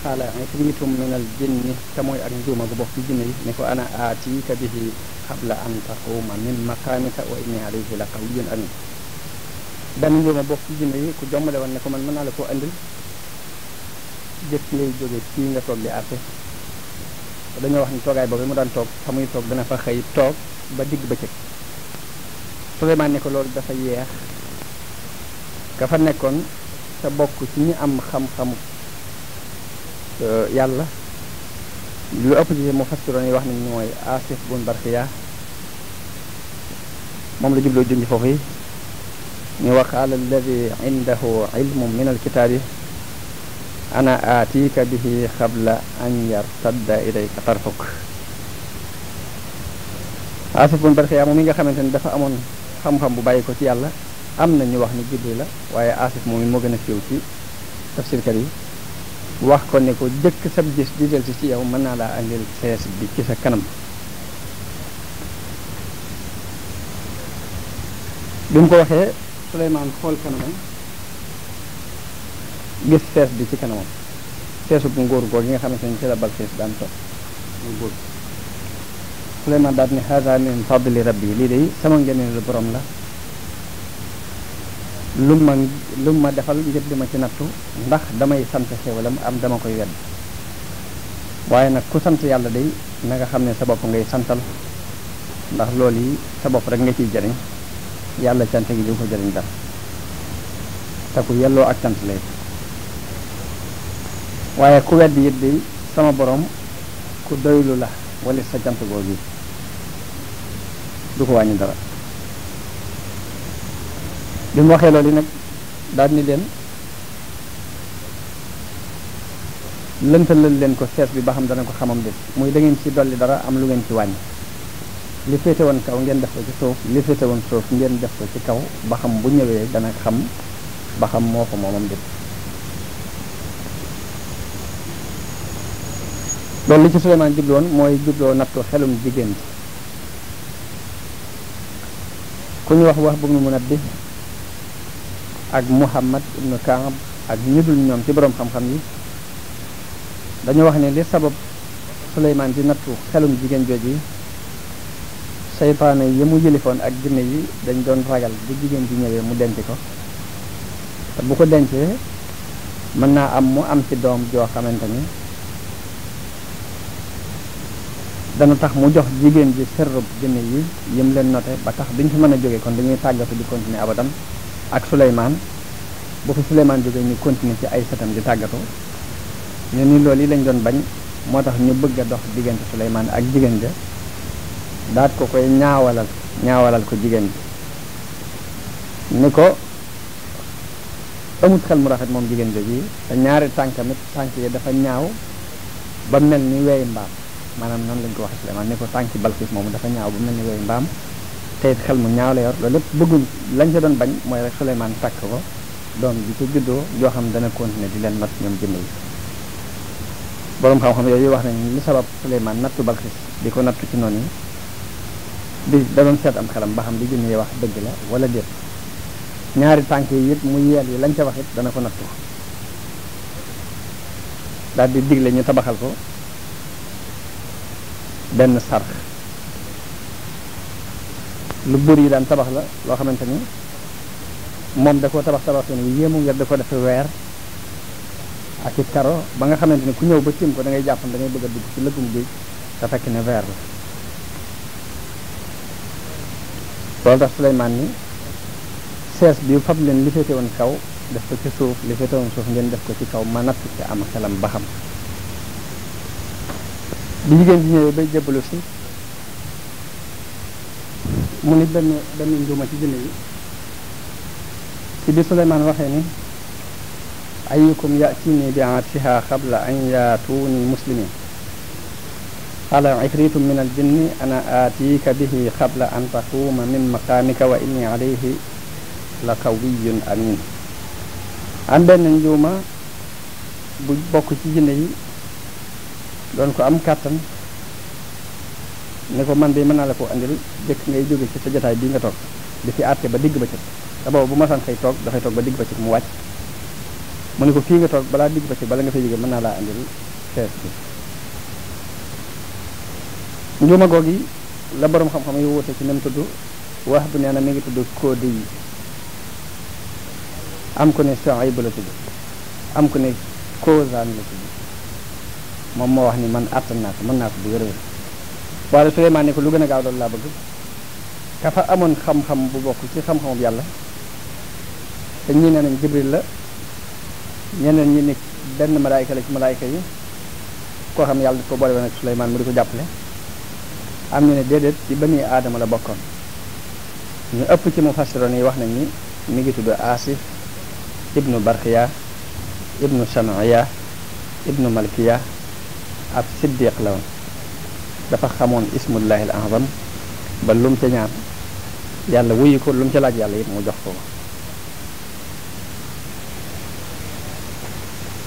qaala ifritum min al jinni te mooy ak njuuma gu bokk ci jinne yi ne ko ana aatiika bihi qabla an taquuma la qawiyyun amin benn njuuma bokk ci jinne yi ku jommale woon ne ko man mën naa la koo andil jëkk ngay jóge fii nga toog di wax ni toogaay boobu mu daan toog fa toog dana fa xëy toog ba digg bëccëg Suleymaan ne ko loolu dafa yeex ka nekkoon te bokk ci ñu am xam-xamu yàlla lu ëpp ci mu fassiroon yi wax nañ mooy asif bun barxiya moom la jubloo junj foofu yi ni wa qaala alladi indahu ilmu min alkitaabi ana aatiika bihi qabla an yartadda ilayka tarfuk asif bun barxiya moom mi nga xamante ni dafa amoon xam-xam bu bàyyi ko ci yàlla am na ñu wax ni Jibril la waaye asif moom it moo gën a siiw ci tafsirkat yi wax ko ne ko jëkk sab gis di delsi ci yow mën naa laa andil sees bi ci sa kanam bi mu ko waxee Suleymaan xool kanamam gis sees bi ci kanamam seesu bu ngóor goor yi nga xamante ne ci la Balxiis daan toog mu góor Suleymaan daal ne rab min lii day sama ngeneen lu borom la lu ma lu ma defal ngir di ma ci nattu ndax damay sant xéwalam am dama koy wedd waaye nag ku sant yàlla day na nga xam ne sa bopp ngay santal ndax lool yi sa bopp rek nga ciy jëriñ yàlla cant gi du ko jëriñ dara te ku yelloo ak cant lay waaye ku wedd it day sama boroom ku doylu la wala sa cant googu du ko wàññi dara bi waxee loolu yi nag daal ni leen lëntalal leen ko sees bi ba xam dana ko xamam de muy dangeen ngeen ci dolli dara am lu ngeen ci wàññi li féete woon kaw ngeen def ko ci suuf li féete woon suuf ngeen def ko ci kaw ba xam bu ñëwee dana xam ba xam moo ko moomam de loolu li ci Suleymaan jublu mooy jubloo nattu xelum jigéen ji ku ñu wax wax bëgg nu mun a bi ak muhammad ibnu kaab ak ñu dul ñoom ci boroom xam-xam yi dañu wax ne li sabab suleymaan di nattu xelum jigéen jooju seytaane yi mu yilifoon ak jinne yi dañ doon ragal bu jigéen ji ñëwee mu denc ko te bu ko dencee mën naa am mu am ci doom joo xamante ni dana tax mu jox jigéen ji sërrub jinne yi yëm leen note ba tax duñ fi mën a jógee kon dañuy tàggatu di continuer abadan ak Souleymane bu fi Souleymane jógee ñu continuer ci ay sëtam di tàggatoo ñu ni loolu yi lañ doon bañ moo tax ñu bëgg a dox diggante Souleymane ak jigéen ja daat ko koy ñaawalal ñaawalal ko jigéen bi ni ko amut xel mu rafet moom jigéen jooju te ñaari tànkamit tànk yi dafa ñaaw ba mel ni weey mbaam maanaam noonu lañ ko waxee Souleymane ni ko tànki Balkis moomu dafa ñaaw ba mel ni weey mbaam te xel mu ñaaw la yor loolu lépp bëgguñ lañ ca doon bañ mooy rek Souleymane takk ko doom ji ko juddoo joo xam dana continuer di leen natt ñoom jëmm yi boroom xam-xam yooyu wax nañ li sabab Souleymane nattu Balxiis di ko nattu ci noon yi di da seet am xelam ba xam di jëmm yi wax dëgg la wala déet ñaari tànk yi it mu yeel yi lañ ca wax it dana ko nattu daal di digle ñu tabaxal ko benn sarx lu bëri yi daan tabax la loo xamante ni moom da koo tabax tabax seen yéemu ngir da ko def weer ak i karo ba nga xamante ni ku ñëw ba tiim ko da ngay jàpp da ngay bëgg a dugg ci lëggum géej te fekk ne weer la loolu tax Suleymaan ni sees bi fab leen li fete woon kaw def ko ci suuf li fete woon suuf ngeen def ko ci kaw ma natt te am xelam ba xam bi jigéen ji ñëwee bay jébalu si mu ni benn benn njuuma ci bind yi ci bi Suleymaan waxee ni ayukum yatini bi aatiha qabla an yaatuuni muslimin qaala ifritun min aljinni ana aatiika bihi qabla an taquuma min maqaamika wa inni alayhi la qawiyun amin am benn njuuma bu bokk ci jinne yi doon ko am kàttan ne ko man bi man la ko andil dekk ngay joge ci sa jotaay bi nga tok di ci arté ba digg ba ci da bobu bu ma san tok da dafay tok ba digg ba ci mu wacc mu ne ko fi nga tok bala digg ba ci bala nga fay joge man naa andil fees bi njuuma goog yi la borom xam-xam yu wote ci nem tuddu wax du neena mi ngi tuddu kóode yi am ko ne soxay la tuddu am ko ne koosaan la tuddu mom mo wax ni man àttan ko man na ko bu yere waaye Suleymaan ni ko lu gën a gaaw loolu laa bëgg dafa amoon xam-xam bu bokk ci xam-xamu yàlla te ñu ne nañ Jibril la ñeneen ñi ne benn malaayka la ci malaayka yi koo xam yàlla daf ko boole woon ak Suleymaan mu di ko jàppale am ñu ne déedéet ci bani aadama la bokkoon ñu ëpp ci mufassiroon yi wax nañ ni mi ngi tudd Asif ibnu Barxiya ibnu Sham'iya ibnu Malkiya ab siddiq la woon dafa xamoon ismullahi al azam ba lum ca ñaan yàlla wuyu ko lum ca laaj yàlla it mu jox ko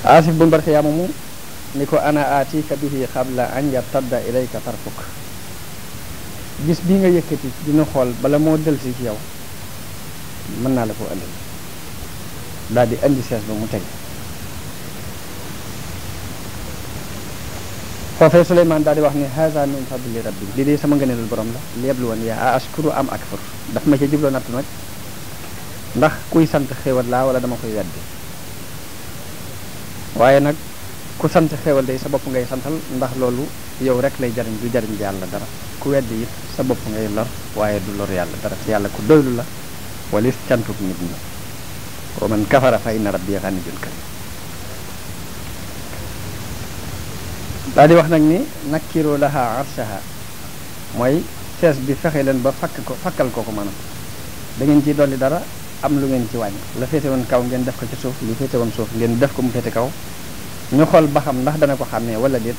asif bun barxiya moomu ni ko ana aatika bihi xabla an yartadda ilayka tarfuk gis bi nga yëkkati dina xool bala moo delsi ci yow mën naa la ko andil daal di andi sees ba mu teg foofee Souleymane daal di wax ne haza min fadli rabbi lii de sama ngëneelul borom la li yeblu woon yaa ashkuru am ak akfur daf ma ca jubloo nattu nag ndax kuy sant xéewal laa wala dama koy weddi waaye nag ku sant xéewal day sa bopp ngay santal ndax loolu yow rek lay jariñ du jariñ yàlla dara ku weddi it sa bopp ngay lor waaye du lor yàlla dara si yàlla ku doylu la walis cantuk nit ñi wa man kafara fa inna rabbi ganiyun karim daal di wax nag ni nakkiru laha arshaha mooy sees bi fexe leen ba fakk ko fakkal ko ko maanaam da ngeen ciy dolli dara am lu ngeen ci wàññi la féete woon kaw ngeen def ko ci suuf lu féete woon suuf ngeen def ko mu féete kaw ñu xool ba xam ndax dana ko xàmmee wala déet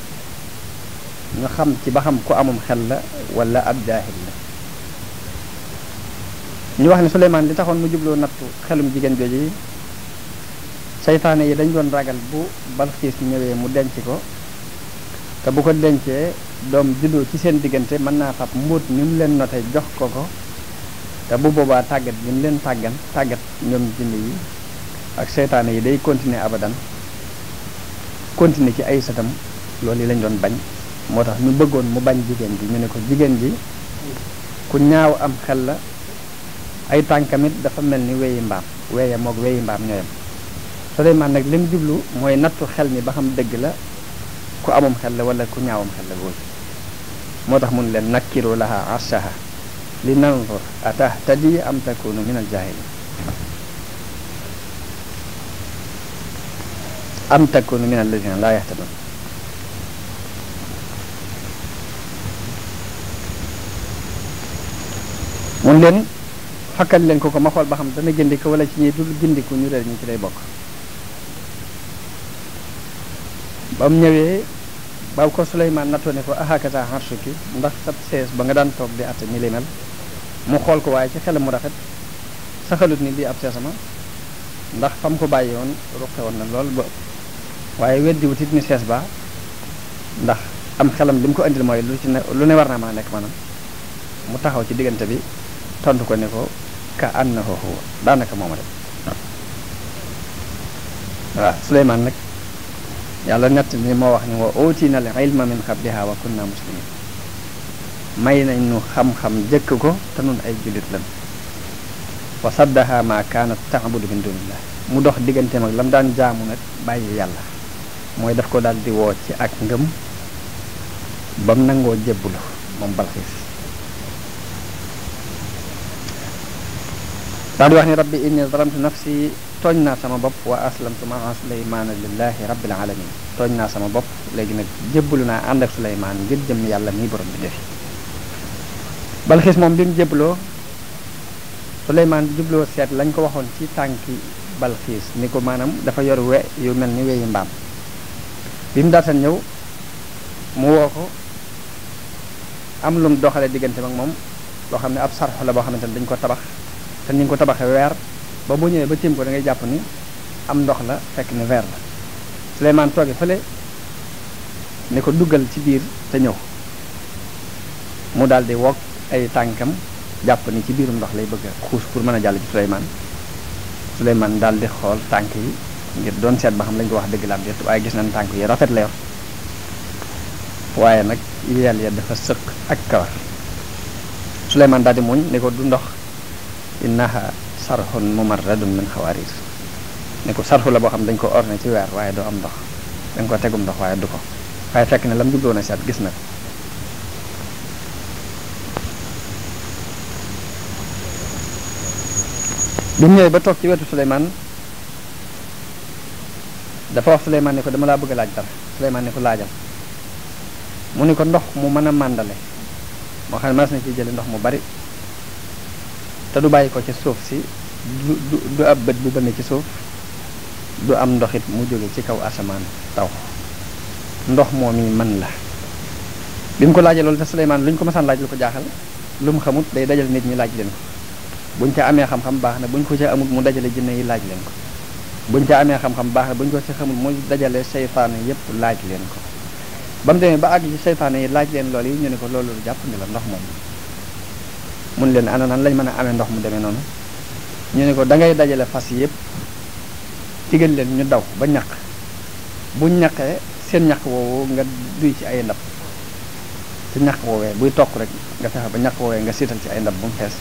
ñu xam ci ba xam ku amum xel la walla ab jaahil la ñu wax ne Suleymaan li taxoon mu jubloo nattu xelum jigéen jooju yi seytaane yi dañ doon ragal bu Balxiis ñëwee mu denc ko te bu ko dencee doom juddoo ci seen diggante mën naa fab mbóot mi mu leen note jox ko ko te bu boobaa tàggat bi mu leen tàggan tàggat ñoom jinne yi ak seytaane yi day continuer abadan continuer ci ay satam loolu yi lañ doon bañ moo tax ñu bëggoon mu bañ jigéen ji ñu ne ko jigéen ji ku ñaaw am xel la ay tànkamit dafa mel ni weyi mbaam weeye moog weyi mbaam ñooyam Suleymaan nag lim jublu mooy nattu xel mi ba xam dëgg la ku amum xel la wala ku ñaawam xel la boobu moo tax mun leen nakkiru laha asaha li atah tadi am takunu min al jahilin am takunu min alladina la yahtadun mun leen fakkal leen ko ko ma xool ba xam dana gindi ko wala ci ñi dul gindi ko ñu reer ñi ci lay bokk ba mu ñëwee ba ko Suleymaan nattoo ne ko ahakasa ah, xarsu ki ndax sa sees ba nga daan toog di atte ni li mel mu xool ko waaye ci xelam mu rafet saxalut ni lii ab ma ndax fam ko bàyyi woon ruqe woon na lool ba waaye weddi wutit ni sees ba ndax am xelam bi mu ko andil mooy lu ci ne lu ne war naa maa nekk maanaam mu taxaw ci diggante bi tontu ko ne ko ka annahu huwa daanaka mooma de waaw Suleymaan nag yalla nett ni mo wax ni wa utina al ilma min qabliha wa kunna muslimin may nañ nu xam-xam jekk ko tanun ay julit lan wa saddaha ma kanat ta'budu min dunillah mu dox digante ak lam daan jaamu nak baye yalla moy daf ko daal di wo ci ak ngëm bam nango jébbulu mom balxis dal wax ni rabbi inni zalamtu nafsi tooñ naa sama bop wa aslamtu maa suleymaana lillahi rabbil alamin tooñ na sama bop legi nak jébbalu naa ànd ak suleymaan ngir dem yalla mi borom bi def bal moom mom bim jeblo sulayman jeblo set lañ ko waxon ci tànki balxiis ni ko manam dafa yor we yu melni ni yi mbam bim da tan ñew mu woko am lum doxale mom lo xamne ab la bo xamne dañ ko tabax tan ñing ko tabaxe weer ba boo ñëwee ba tiim ko dangay jàpp ni am ndox la fekk ne verre la Souleymane tooge fële ne ko duggal ci biir te ñëw mu daal di wokk ay tànkam jàpp ni ci biirum ndox lay bëgg xuus pour mën a jàll ci Souleymane Souleymane daal di xool tànk yi ngir doon seet ba xam lañ ko wax dëgg la am déet waaye gis nañ tànk yi rafet la yor waaye nag yeel ya dafa sëq ak kawar Souleymane daal di muñ ne ko du ndox innaha Sarhun mumarradun min xawaaris ne ko sarhu la bo xam dañ ko orne ci weer waye do am ndox dañ ko tegum ndox waye du ko waye fekk ne lam jubloon a sat gis na ko bi ba tok ci wetu suleymaan dafa wax suleymaan ne ko dama la bëgg laaj dara ne ko laajal mu ni ko ndox mu mën a moo mas na ci ndox mu bari te du bàyyi ko ci suuf si du du du ab bët bu bënn ci suuf du am ndoxit mu jóge ci kaw asamaan taw ndox moom yi man la bi mu ko laajee loolu te Suleymaan lu ñu ko masaan laaj lu ko jaaxal lu mu xamut day dajale nit ñi laaj leen ko buñ ca amee xam-xam baax na buñ ko ca amut mu dajale jinne yi laaj leen ko buñ ca amee xam-xam baax na buñ ko ci xamut mu dajale seytaane yépp laaj leen ko ba demee ba àgg ci seytaane yi laaj leen loolu yi ñu ne ko loolu jàpp ni la ndox moom mun leen ana nan lañ mën a ame ndox mu deme noonu ñu ni ko dangay dajale fas yëpp digal leen ñu daw ba ñaq bu ñaqee seen ñaq woowu nga duy ci ay ndab te ñaq woowee buy tokk rek nga fexe ba ñaq woowee nga siital ci ay ndab bu mu fees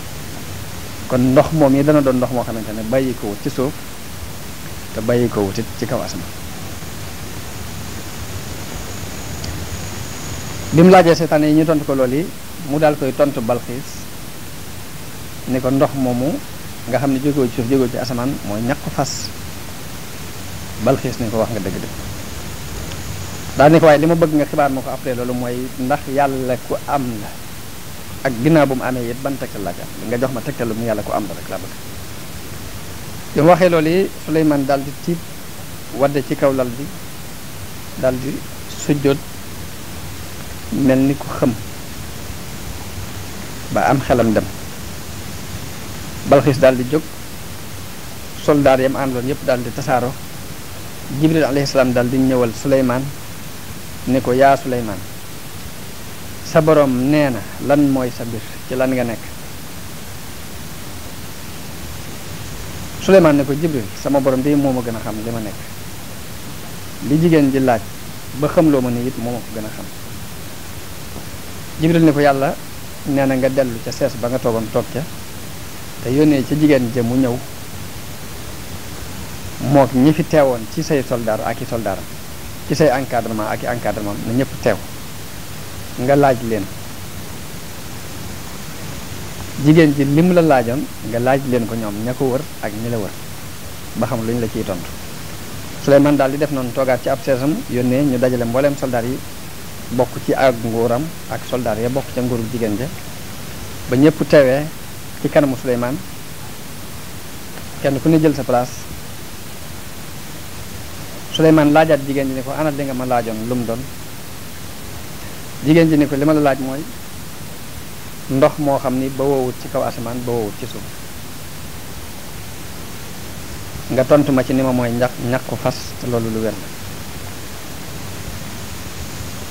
kon ndox moom yi dana doon ndox moo xamante ne bàyyi ko wut ci suuf te bàyyi ko wutit ci kaw asamaan bi mu laajee seetaan yi ñu tontu ko lool yi mu daal koy tontu balxiis ni ko ndox moomu nga xam ne jógewul ci suuf ci asamaan mooy ñàkk fas balxiis ni ko wax nga dëgg dëgg daal ko waaye li ma bëgg nga xibaar ma ko après loolu mooy ndax yàlla ku am la ak ginnaaw bu mu amee it ban tegtal laa ci am nga jox ma tegtalu mu yàlla ku am la rek laa bëgg bi waxee loolu yi Suleymaan daal di tiit wadde ci kaw lal bi daal di sujjóot mel ni ku xëm ba am xelam dem balxiis dal di jóg soldaar yam àndoon yëpp dal di tasaaro jibril alayhi salaam dal di ñëwal suleymaan ne ko yaa suleymaan sa lan mooy sabir, mbir ci lan nga nekk suleymaan ne ko jibril sama borom bi moo ma gën a xam li ma nekk li jigéen ji laaj ba ma ne it moo ma xam jibril ne ko yàlla nee na nga dellu ca sees ba nga toogoon toog ca te yónnee ci jigéen ja mu ñëw mook ñi fi teewoon ci say soldaar ak i soldaaram ci say encadrement ak i encadrement na ñëpp teew nga laaj leen jigéen ji li mu la laajoon nga laaj leen ko ñoom ña ko wër ak ñi la wër ba xam lu ñu la ciy tontu Souleymane daal di def noonu toogaat ci ab seesam yónnee ñu dajale mbooleem soldaar yi bokk ci ak nguuram ak soldaar ya bokk ca nguuru jigéen ja ba ñëpp teewee ci kanamu Suleymaan kenn ku ne jël sa place Suleymaan laajaat jigéen ji ne ko ana li nga ma laajoon lu mu doon jigéen ji ne ko li ma la laaj mooy ndox moo xam ni ba woowut ci kaw asamaan ba woowut ci suuf nga tontu ma ci ni ma mooy ñax ñàkku fas loolu lu wér la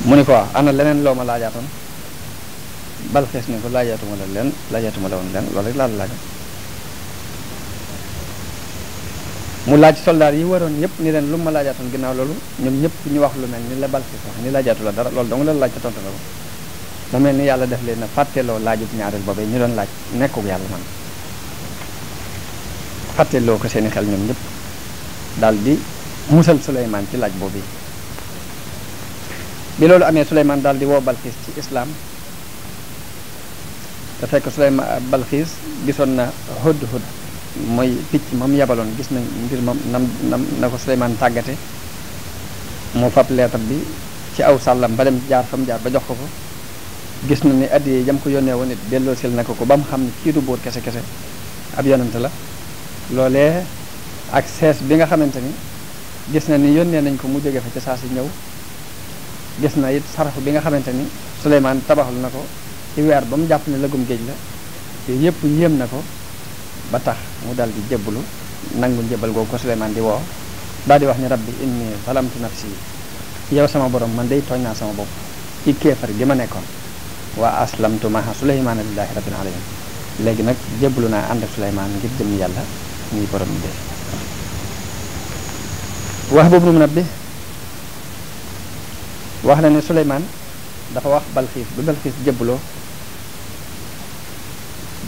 mu ni ko ana leneen loo ma laajaatoon bal xees ni ko laajaatuma la leen laajaatuma la woon leen loolu rek laa la laajoon mu laaj soldaar yi waroon yëpp ni leen lu ma laajaatoon ginnaaw loolu ñoom ñëpp ñu wax lu mel ni la bal xees wax ni laajaatu la dara loolu dong la laaj ca tontu ko da mel ni yàlla def leen na fàtteloo laajub ñaareel boobee ñu doon laaj nekkul yàlla man fàtteloo ko seeni xel ñoom ñëpp daal di musal Suleymaan ci laaj boobu bi loolu amee Suleymaan daal di woo Balxiis ci islaam te fekk Suleymaan ab Balxiis gisoon na hudhud mooy picc moom yabaloon gis nañ mbir ma na nam na ko Suleymaan tàggate mu fab leetar bi ci aw sàllam ba dem jaar fa mu jaar ba jox ko ko gis na ni addiyee jam ko yónnee woon it delloo sil na ko ko ba mu xam ne kii du kese kese ab yonante la loolee ak sees bi nga xamante ni gis na ni yónnee nañ ko mu jóge fa ci saa si ñëw gis na it sarafu bi nga xamante ni Suleymaan tabaxul na ko ci weer bam japp ne lëgum geej la te yëpp yéem na ko ba tax mu dal di jeblu nangu jebal googu ko di wo dal di wax ni rabbi inni zalamtu nafsi yow sama borom man day tooñ sama bop ci kéefar gi ma nekkon wa aslamtu ma suleyman lillahi rabbil alamin legi nak jeblu na and suleyman ngir dem yalla ni borom def wax boobu nu mu nabbi wax na ne Suleymaan dafa wax bu jeblo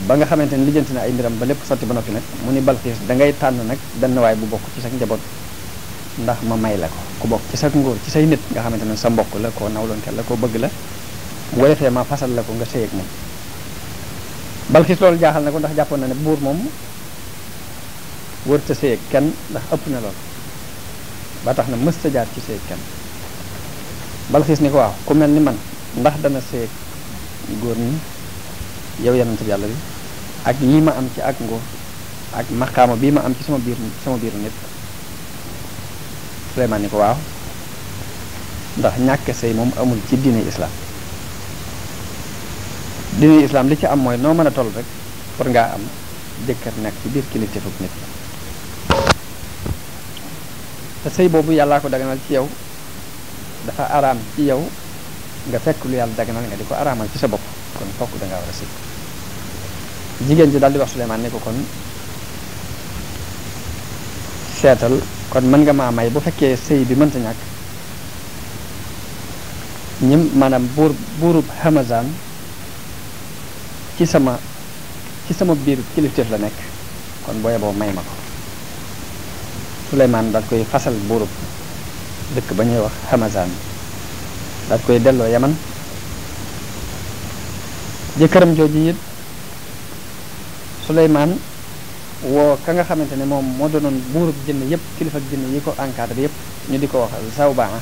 ba nga xamante ne lijjanti na ay mbiram ba lépp sotti ba noppi nag mu ni balxiis da ngay tànn nag benn waay bu bokk ci sa njaboot ndax ma may la ko ku bokk ci sa nguur ci say nit nga xamante ne sa mbokk la koo nawlonte la koo bëgg la bu ma fasal la ko nga sëy ak moom balxiis loolu jaaxal na ko ndax jàppoon na ne buur moom wërta sëy ak kenn ndax ëpp na loolu ba tax na mës ta jaar ci sëy ak kenn balxiis ni ko waaw ku mel ni man ndax dana sëy ak góor ñi yow yonent bi yàlla bi ak ñi ma am ci ak nguur ak maxaama bii ma am ci sama biir sama biiru nit Suleymaan ni ko waaw ndax ñàkk sëy moom amul ci diine islam diine islam li ci am mooy noo mën a toll rek pour ngaa am jëkkër nekk ci biir kilifteefug nit te sëy boobu yàllaa ko daganal ci yow dafa araam ci yow nga fekk lu yàlla daganal nga di ko araamal ci sa bopp kon fokk dangaa war a sikk jigéen ji daal di wax Suleymaan ne ko kon seetal kon mën nga maa may bu fekkee sëy bi mënta ñàkk ñim maanaam buur buurub Hamazan ci sama ci sama biir kilifteef la nekk kon booye boo may ma ko Suleymaan daal koy fasal buurub dëkk ba ñuy wax Hamazan daal koy delloo Yaman jëkkëram jooju it Souleymane woo ka nga xamante ne moom moo doonoon buurub jënd yëpp kilifa ak jënn yi ko encadré yëpp ñu di ko wax Zawbana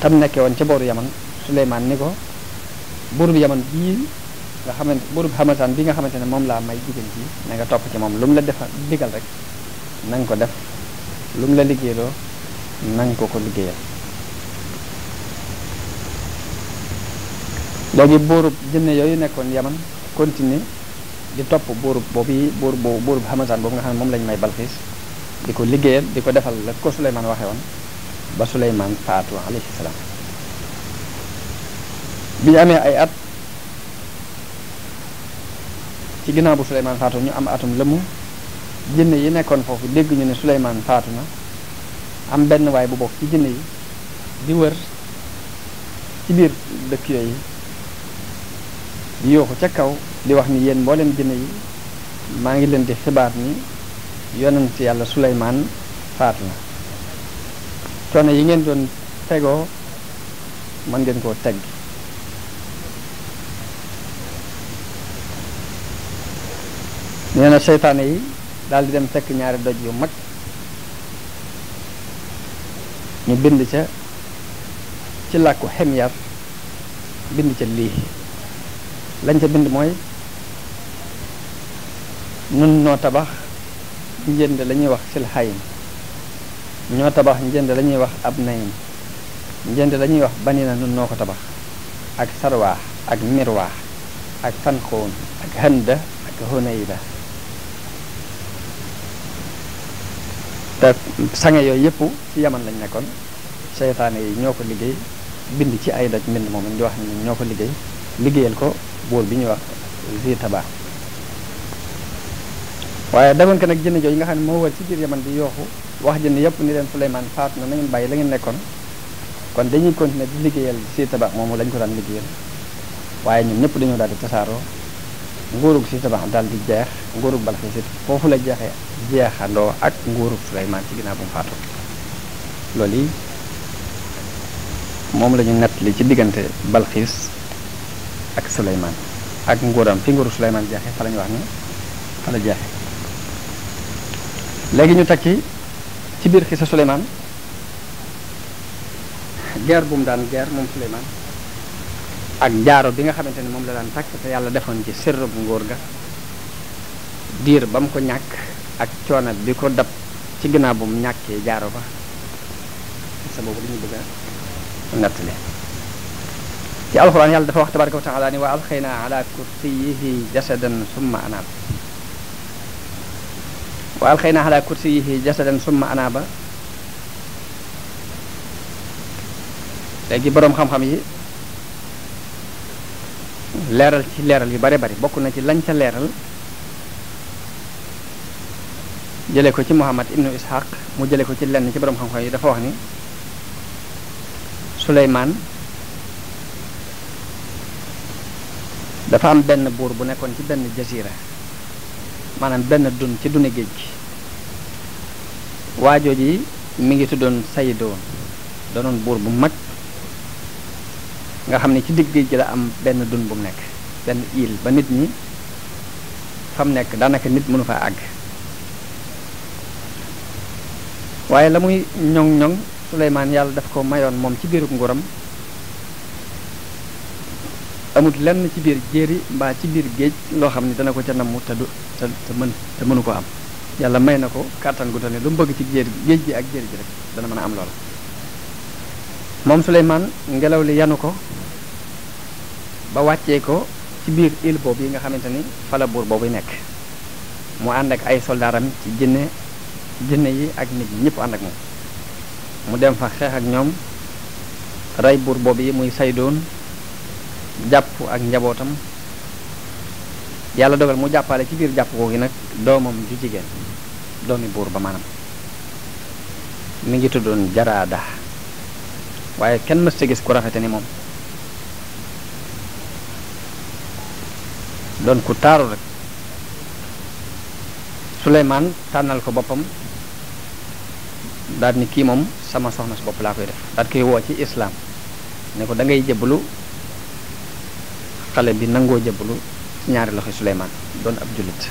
tam nekke woon ci booru yaman Souleymane ni ko buurub yaman bii nga xamante buurub xamataan bi nga xamante ne moom laa may jigéen ji na nga topp ci moom lu mu la defa digal rek na ko def lu mu la liggéey na nga ko ko liggéeyal léegi buurub jinne yooyu nekkoon yaman continuer di topp buurub boobu buur boobu buurub Hamasaan boobu nga xam ne moom lañ may Balxiis di ko liggéeyal di ko defal la ko Suleymaan waxee woon ba Suleymaan faatu alayhi salaam bi ñu amee ay at ci ginnaaw bu ñu am atum lëmu jinne yi nekkoon foofu dégg ñu ne Suleymaan faatu na am benn waay bu bokk ci jinne yi di wër ci biir dëkk yooyu di yooxu ca kaw di wax ni yéen mbooleem jinne yi maa ngi leen di xibaar ni yonent yàlla Suleymaan faat na coono yi ngeen doon tegoo mën ngeen koo teg nee na seytaane yi daal di dem fekk ñaari doj yu mag ñu bind ca ci làkku xemyar bind ca lii lañ ca bind mooy nun noo tabax njënd lañuy wax sil ñoo tabax njënd la ñuy wax ab nayin njënd lañuy wax bani nun noo ko tabax ak sarwaax ak mirwaax ak fanxoon ak hënda ak hunayda te sange yooyu yëpp ci yaman lañ nekkoon seytaane yi ñoo ko liggéey bind ci ay daj mbind moom ñu di wax ni ñoo ko liggéey liggéeyal ko bool bi ñuy wax zi taba waaye defoon ko nag jënn yi nga xam ne moo wër ci biir yaman di yooxu wax jënn yëpp ni leen Suleymaan faat na nañu bàyyi la ngeen nekkoon kon dañuy continuer di liggéeyal si tabax moom lañ ko daan liggéeyal waaye ñu ñëpp dañoo daal di tasaaroo nguurug si tabax daal di jeex nguurug Balxiisit foofu la jeexee jeexandoo ak nguurug Suleymaan ci ginnaaw bu mu faatu loolu yi moom lañu ñu nettali ci diggante Balxiis ak Sulaiman ak ngoram fi ngoru Sulaiman jaxé fa lañ wax nyutaki fa la jaxé légui ñu takki ci bir xisa Sulaiman guerre bu mu daan guerre mom Sulaiman ak jaaro bi nga xamanteni mom la daan takk te yalla defoon ci sirru bu ngor ga dir ba ko ñak ak coono bi ko dab ci ginaabum jaaro ba sa bobu dañu bëgg ci alxuraan yàlla dafa wax tabaraka wa taala ni wa alxaynaa ala kursiyihi jasadan summa anaaba wa alxaynaa ala kursiyihi jasadan summa anaaba léegi boroom xam-xam yi leeral ci leeral yu bare bari bokk na ci lañ ca leeral jële ko ci muhammad ibnu ishaq mu jële ko ci lenn ci boroom xam-xam yi dafa wax ni suleymaan dafa am benn buur bu nekkoon ci benn jasira maanaam benn dun ci duni géej gi waajoo ji mi ngi tuddoon sayidoon danoon buur bu mag nga xam ci digg géej gi la am benn dun bu nekk benn île ba nit ñi fam nekk daanaka nit mënu fa àgg waaye la muy ñoŋ ñoŋ suleymaan yàlla daf ko mayoon moom ci biirub nguram amut lenn ci biir jéeri mbaa ci biir géej loo xam ne dana ko ca namm te te te te mënu ko am yàlla may na ko kàttan gu tane lu mu bëgg ci jéer géej gi ak jéeri gi rek dana mën a am loola moom suleyman ngelaw li yanu ko ba wàccee ko ci biir il boobu yi nga xamante fala buur boobu nekk mu ànd ak ay soldaaram ci jinne jinne yi ak nit ñi ñëpp ànd ak moom mu dem fa xeex ak ñoom rey buur boobu yi muy saydoon jàpp ak njabootam yàlla dogal mu jàppale ci biir jàpp googu nag doomam ju jigéen doomi buur ba maanaam mi ngi tuddoon jaraada waaye kenn mës gis ku rafete ni moom doon ku taaru rek Suleymaan tànnal ko boppam daal kii moom sama soxna su bopp laa koy def daal koy woo ci islaam ne ko da ngay xale bi nangoo jëbbalu ci ñaari loxo Suleymaan doon ab jullit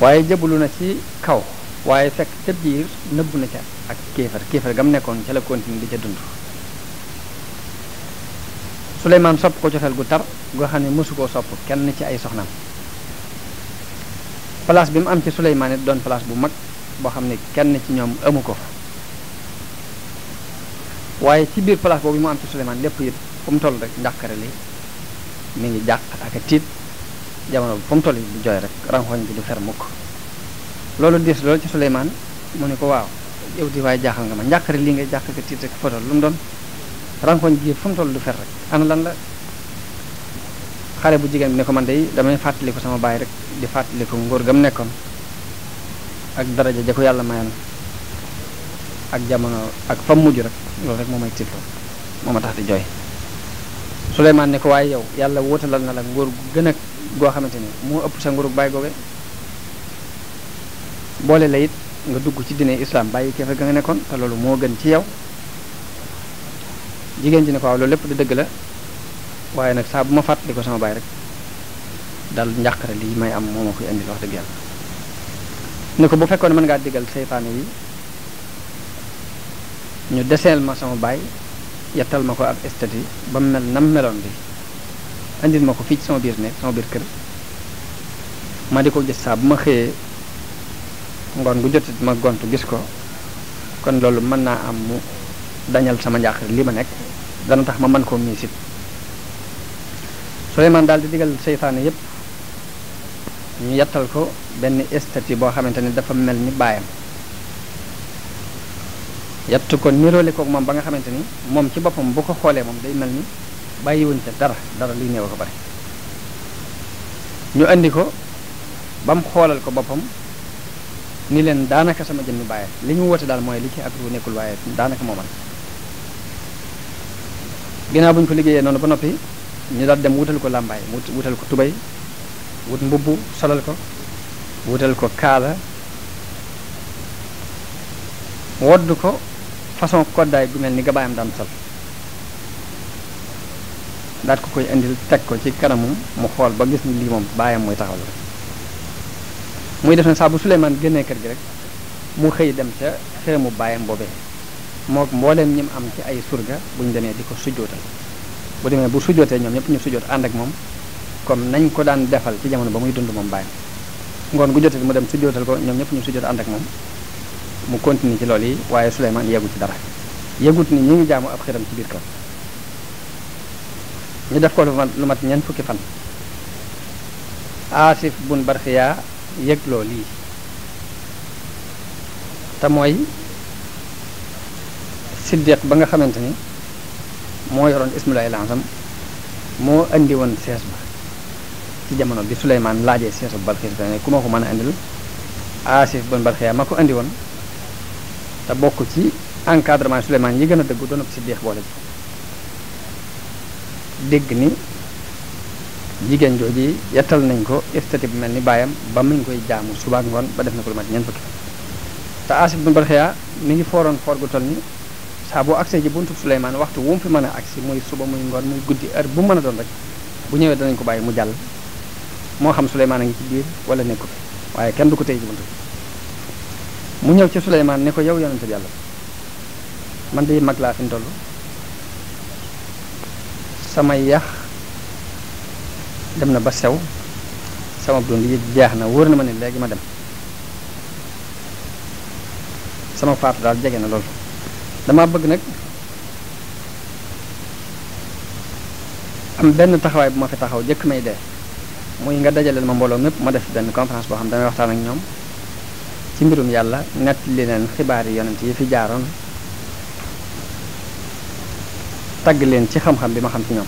waaye jëbbalu na ci kaw waaye fekk ca biir nëbbu na ca ak kéefar kéefar gam nekkoon ca la di ca dund Suleymaan sopp ko cofeel gu tar goo xam ne mësu koo sopp kenn ci ay soxnaam place bi mu am ci Suleymaan it doon place bu mag boo xam ne kenn ci ñoom amu ko fa waaye ci biir place boobu mu am ci Suleymaan lépp it fu mu toll rek njàqare li mi ngi jàq ak a tiit jamono bi fu mu toll di jooy rek ranxooñ bi du fer mukk loolu diis loolu ci Suleymaan mu ne ko waaw yow di waaye jaaxal nga ma njàqare li ngay jàq ak a tiit rek fotal lu mu doon ranxooñ ji fu mu toll du fer rek ana lan la xale bu jigéen bi ne ko man de damay fàttaliku sama bàyyi rek di fàttaliku ngóor gam nekkoon ak daraja ja ko yàlla mayoon ak jamono ak fam mujj rek loolu rek moo may tiitloo moo ma tax di jooy Souleymane ne ko waaye yaw yàlla wóotalal na la nguur gu gën a goo xamante ni moo ëpp sa nguurug bàyyi googe boole la it nga dugg ci dine islam bàyyi keefe ga nga nekkoon te loolu moo gën ci yow jigéen ji ne ko waaw loolu lépp di dëgg la waaye nag saa bu ma fàttali ko sama baay rek dal njàqare lii may am moo ma koy indil wax dëgg yàlla ne ko bu fekkoon mën ngaa digal seytaane yi ñu deseel ma sama baay yettal ma ko ab statut ba mu mel nam meloon bi indil ma ko fii ci sama biir ne sama biir kër ma di ko gis saa bu ma xëyee ngoon gu jotit ma gont gis ko kon loolu mën naa am mu dañal sama njàqare li ma nekk dana tax ma mën koo miisit Suleymaan daal di digal seytaane yépp ñu yettal ko benn statut boo xamante ni dafa mel ni baayam yattu ko niroole kook moom ba nga xamante ni moom ci boppam bu ko xoolee moom day mel ni bàyyiwuñ ca dara dara luy néew ko bare ñu indi ko ba mu xoolal ko boppam ni leen daanaka sama jëmmi bàyyi li ñu woote daal mooy li ci ak wu nekkul waaye daanaka moo man ginnaaw bu ñu ko liggéeyee noonu ba noppi ñu daal dem wutal ko làmbaay wut wutal ko tubay wut mbubb solal ko wutal ko kaala wodd ko façon koddaay gu mel ni gabaayam daan sol daat ko koy indil teg ko ci kanamu mu xool ba gis ni lii moom baayam mooy taxaw la muy def na saa bu Suleymaan génnee kër gi rek mu xëy dem ca xërëmu baayam boobee mook mbooleem ñi mu am ci ay surga bu ñu demee di ko sujjootal bu demee bu sujjootee ñoom ñëpp ñu sujjoot ànd ak moom comme nañ ko daan defal ci jamono ba muy dund moom baayam ngoon gu jotee mu dem sujjootal ko ñoom ñëpp ñu sujjoot ànd ak moom mu continue ci lool yi waaye suleymaan yeggu ci dara yegut ni ñi ngi jaamu ab xiram ci biir kër ñu def ko lu mat lu mat ñen fukki fan asif bun barxiya yeg lii ta mooy siddiq ba nga xamante ni moo yoroon ismulaay lansam moo andi woon sees ba ci jamono bi suleymaan laajee seesu ba ne ku ma ko andil asif bun barxiya ma ko andi woon Tak bokku ci encadrement Souleymane yi gëna a doon ci si deex boole ji dégg ni jigen joji yettal nañ ko estati bu mel ni ba muñ koy jaamu suba ngon ba def na ko lu mat ñen fukki ta asif bin barxiya mi ngi foron for gu tolni sa bo accès ji buntu Souleymane waxtu wu fi mëna a moy suba muy ngon muy guddii er bu mëna doon rek bu ñëwé dañ ko bayyi mu jall mo xam Souleymane ngi ci biir wala nekk fi waaye kenn du ko tey ci buntu mu ñëw ci suleymaan ne ko yow yonente bi yàlla man day mag laa fi tollu sama yax dem na ba sew sama dund yi jeex na wóor na ma ne léegi ma dem sama faatu daal jege na loolu dama bëgg nag am benn taxawaay bu ma fi taxaw jëkk may dee muy nga dajale ma mbooloo mépp ma def benn conférence boo xam waxtaan ak ñoom ci mbirum yàlla nett li leen xibaar yi yi fi jaaroon tagg leen ci xam-xam bi ma xam ci ñoom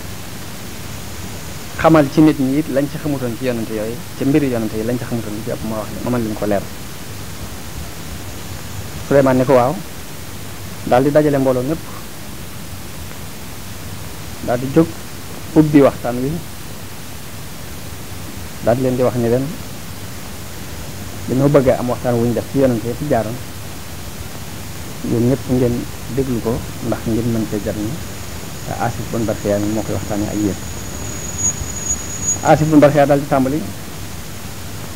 xamal ci nit ñi it lañ ci xamutoon ci yonent yooyu ci mbiri yonent yi lañ ci xamutoon li ci ëpp ma wax ne ma mën leen ko leer Suleymaan ni ko waaw daal di dajale mbooloo ñépp daal di jóg ubbi waxtaan wi dal di leen di wax ni leen dañoo bëggee am waxtaan ñu def ci yonante fi jaaroon yéen ñëpp ngeen déglu ko ndax ngeen mën cee jariñu te Asif bun Barxiya moo koy waxtaanee ak yéen Asif bun Barxiya daal di tàmbali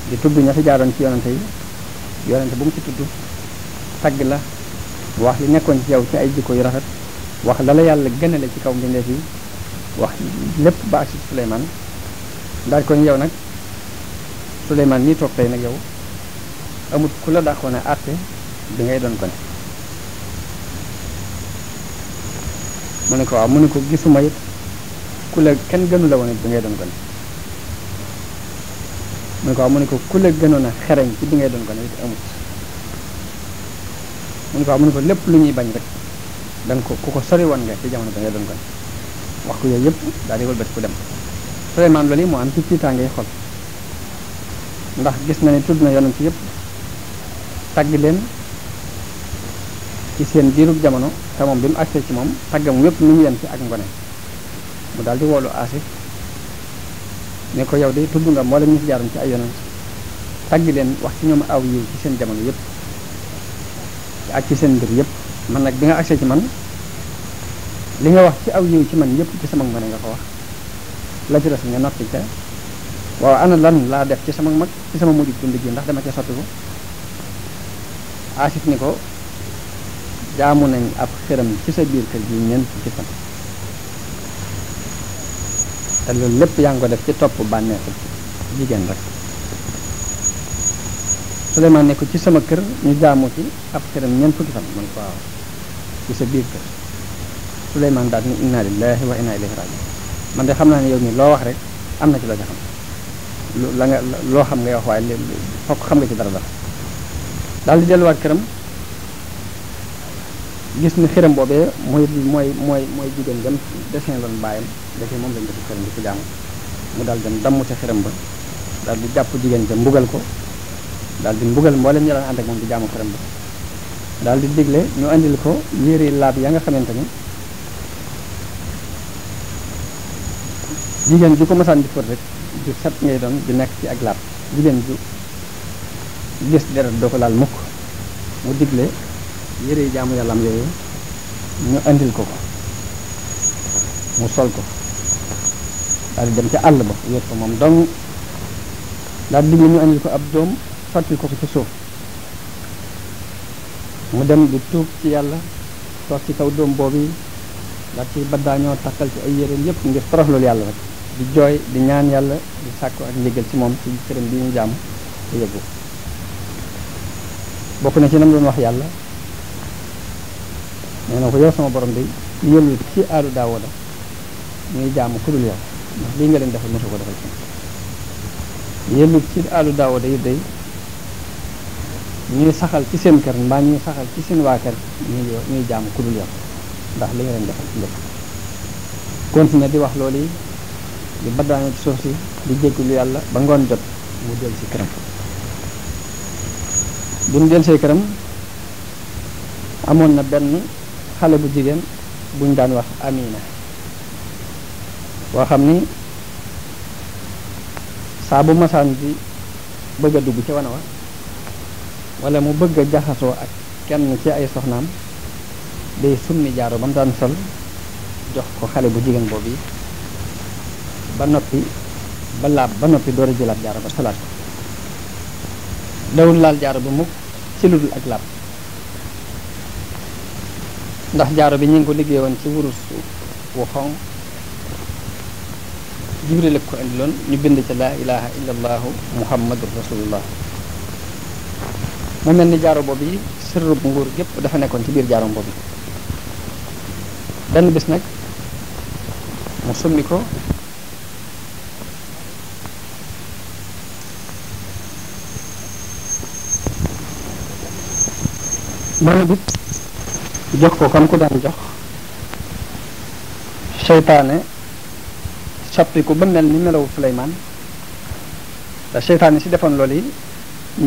di tudd ña fi jaaroon ci yonante yi yonante bu mu ci tudd tagg la wax li nekkoon ci yow ci ay jikko yu rafet wax la la yàlla gënale ci kaw mbindeef yi wax lépp ba ak si Suleymaan ko kon yow nag Suleymaan nii toog tey nag yow amut ku la dàqoon a àtte bi ngay doon ko mu ne ko waaw mu ne ko gisuma it ku la kenn gënu la woon it ngay doon ko ne ko waaw mu ku la gënoon a xereñ ci bi ngay doon ko ne it amut mu ne ko waaw mu ne ko lépp lu ñuy bañ rek da ko ku ko sori woon nga ci jamono bi ngay doon ko wax ko yooyu yëpp daal di wëlbati ku dem Suleymaan loolu yi moo am ci tiitaange xol ndax gis na ne tudd na yonent yëpp tagg leen ci seen diirub jamono te moom bi mu agsee ci moom taggam wépp mi ñu yem ci ak ngone mu daal di woolu aasif ne ko yow de tudd nga mboolem ñu fi ci ay yonent tagg leen wax ci ñoom aw yi ci seen jamono yépp ak ci seen mbir yépp man nag bi nga agsee ci man li nga wax ci aw yiw ci man yépp ci sama ngone nga ko wax la ci des nga noppi ca waaw ana lan laa def ci sama mag ci sama mujj dund gi ndax dama ca sotti asif ni ko jaamu nañ ab xëram ci sa biir kër gi ñeent ci fan te loolu lépp yaa ngi ko def ci topp bànneexu jigéen rek Suleymaan ne ko ci sama kër ñu jaamu ci ab xëram ñeent fukki fan man ko waaw ci sa biir kër Suleymaan daal ni inna lillahi wa inna ilayhi rajiun man de xam naa ne yow mi loo wax rek am na ci la ci xam la nga loo xam ngay wax waaye fokk xam nga ci dara dara daal di delluwaat këram gis ni xiram boobee mooy mooy mooy mooy jigéen dem dessin lan bàyyam defee moom lañ defi xiram di ko jaamu mu daal dem damm ca xiram ba daal di jàpp jigéen ja mbugal ko daal di mbugal mboolem ñi daan ànd ak moom di jaamu xiram ba daal di digle ñu andil ko yére laab ya nga xamante ni jigéen ju ko masaan di fët rek ju set ngay doon di nekk ci ak laab jigéen ju gis deret doo ko laal mukk mu digle yére yi jaamu yàlla am yooyu ñu indil ko ko mu sol ko daal dem ca àll ba wéet ko moom dong daal digle ñu indil ko ab doom fàttali ko ko ci suuf mu dem di tuub ci yàlla toog ci kaw doom boobu daal ci baddaañoo takkal ci ay yéreem yépp ngir toroxlul yàlla rek di jooy di ñaan yàlla di sàkku ak njëgal ci moom ci këram bi ñu jaamu te yëgu bokk na ci nam doon wax yàlla nee na ko yow sama borom bi yëlul ci aalu daawooda ñuy jaamu ku dul yow ndax lii nga leen defal mosu ko defal ci yëlul ci aalu daawooda yi day ñuy saxal ci seen kër mbaa ñuy saxal ci seen waa kër ñuy ñuy jaamu ku dul ndax li nga leen defal ci di wax loolu yi di baddaane ci suuf si di jéggulu yàlla ba ngoon jot mu jël ci këram bi mu del see këram amoon na benn xale bu jigéen buñ daan wax Amina boo xam ni saa bu masaan bi bëgg dugg ci wana wa wala mu bëgg a jaxasoo ak kenn ci ay soxnaam day summi jaaro ba mu daan sol jox ko xale bu jigéen boobu yi ba noppi ba laab ba noppi door jëlaat jaaro ba salaat ko dawul laal jaaro ba mukk ci lu dul ak laab ndax jaaro bi ñu ngi ko liggéey woon ci wurus wu xonq ak ko indiloon ñu bind ci laa ilaha illa allahu muhammadun rasulullah mu mel ni jaaro boobu yi bu nguur gépp dafa nekkoon ci biir jaaro boobu benn bis nag mu summi ko loolu bit jox ko kam ko daan jox seytaane soppiku ba mel ni melawu Suleymaan te seytaane si defoon loolu ñu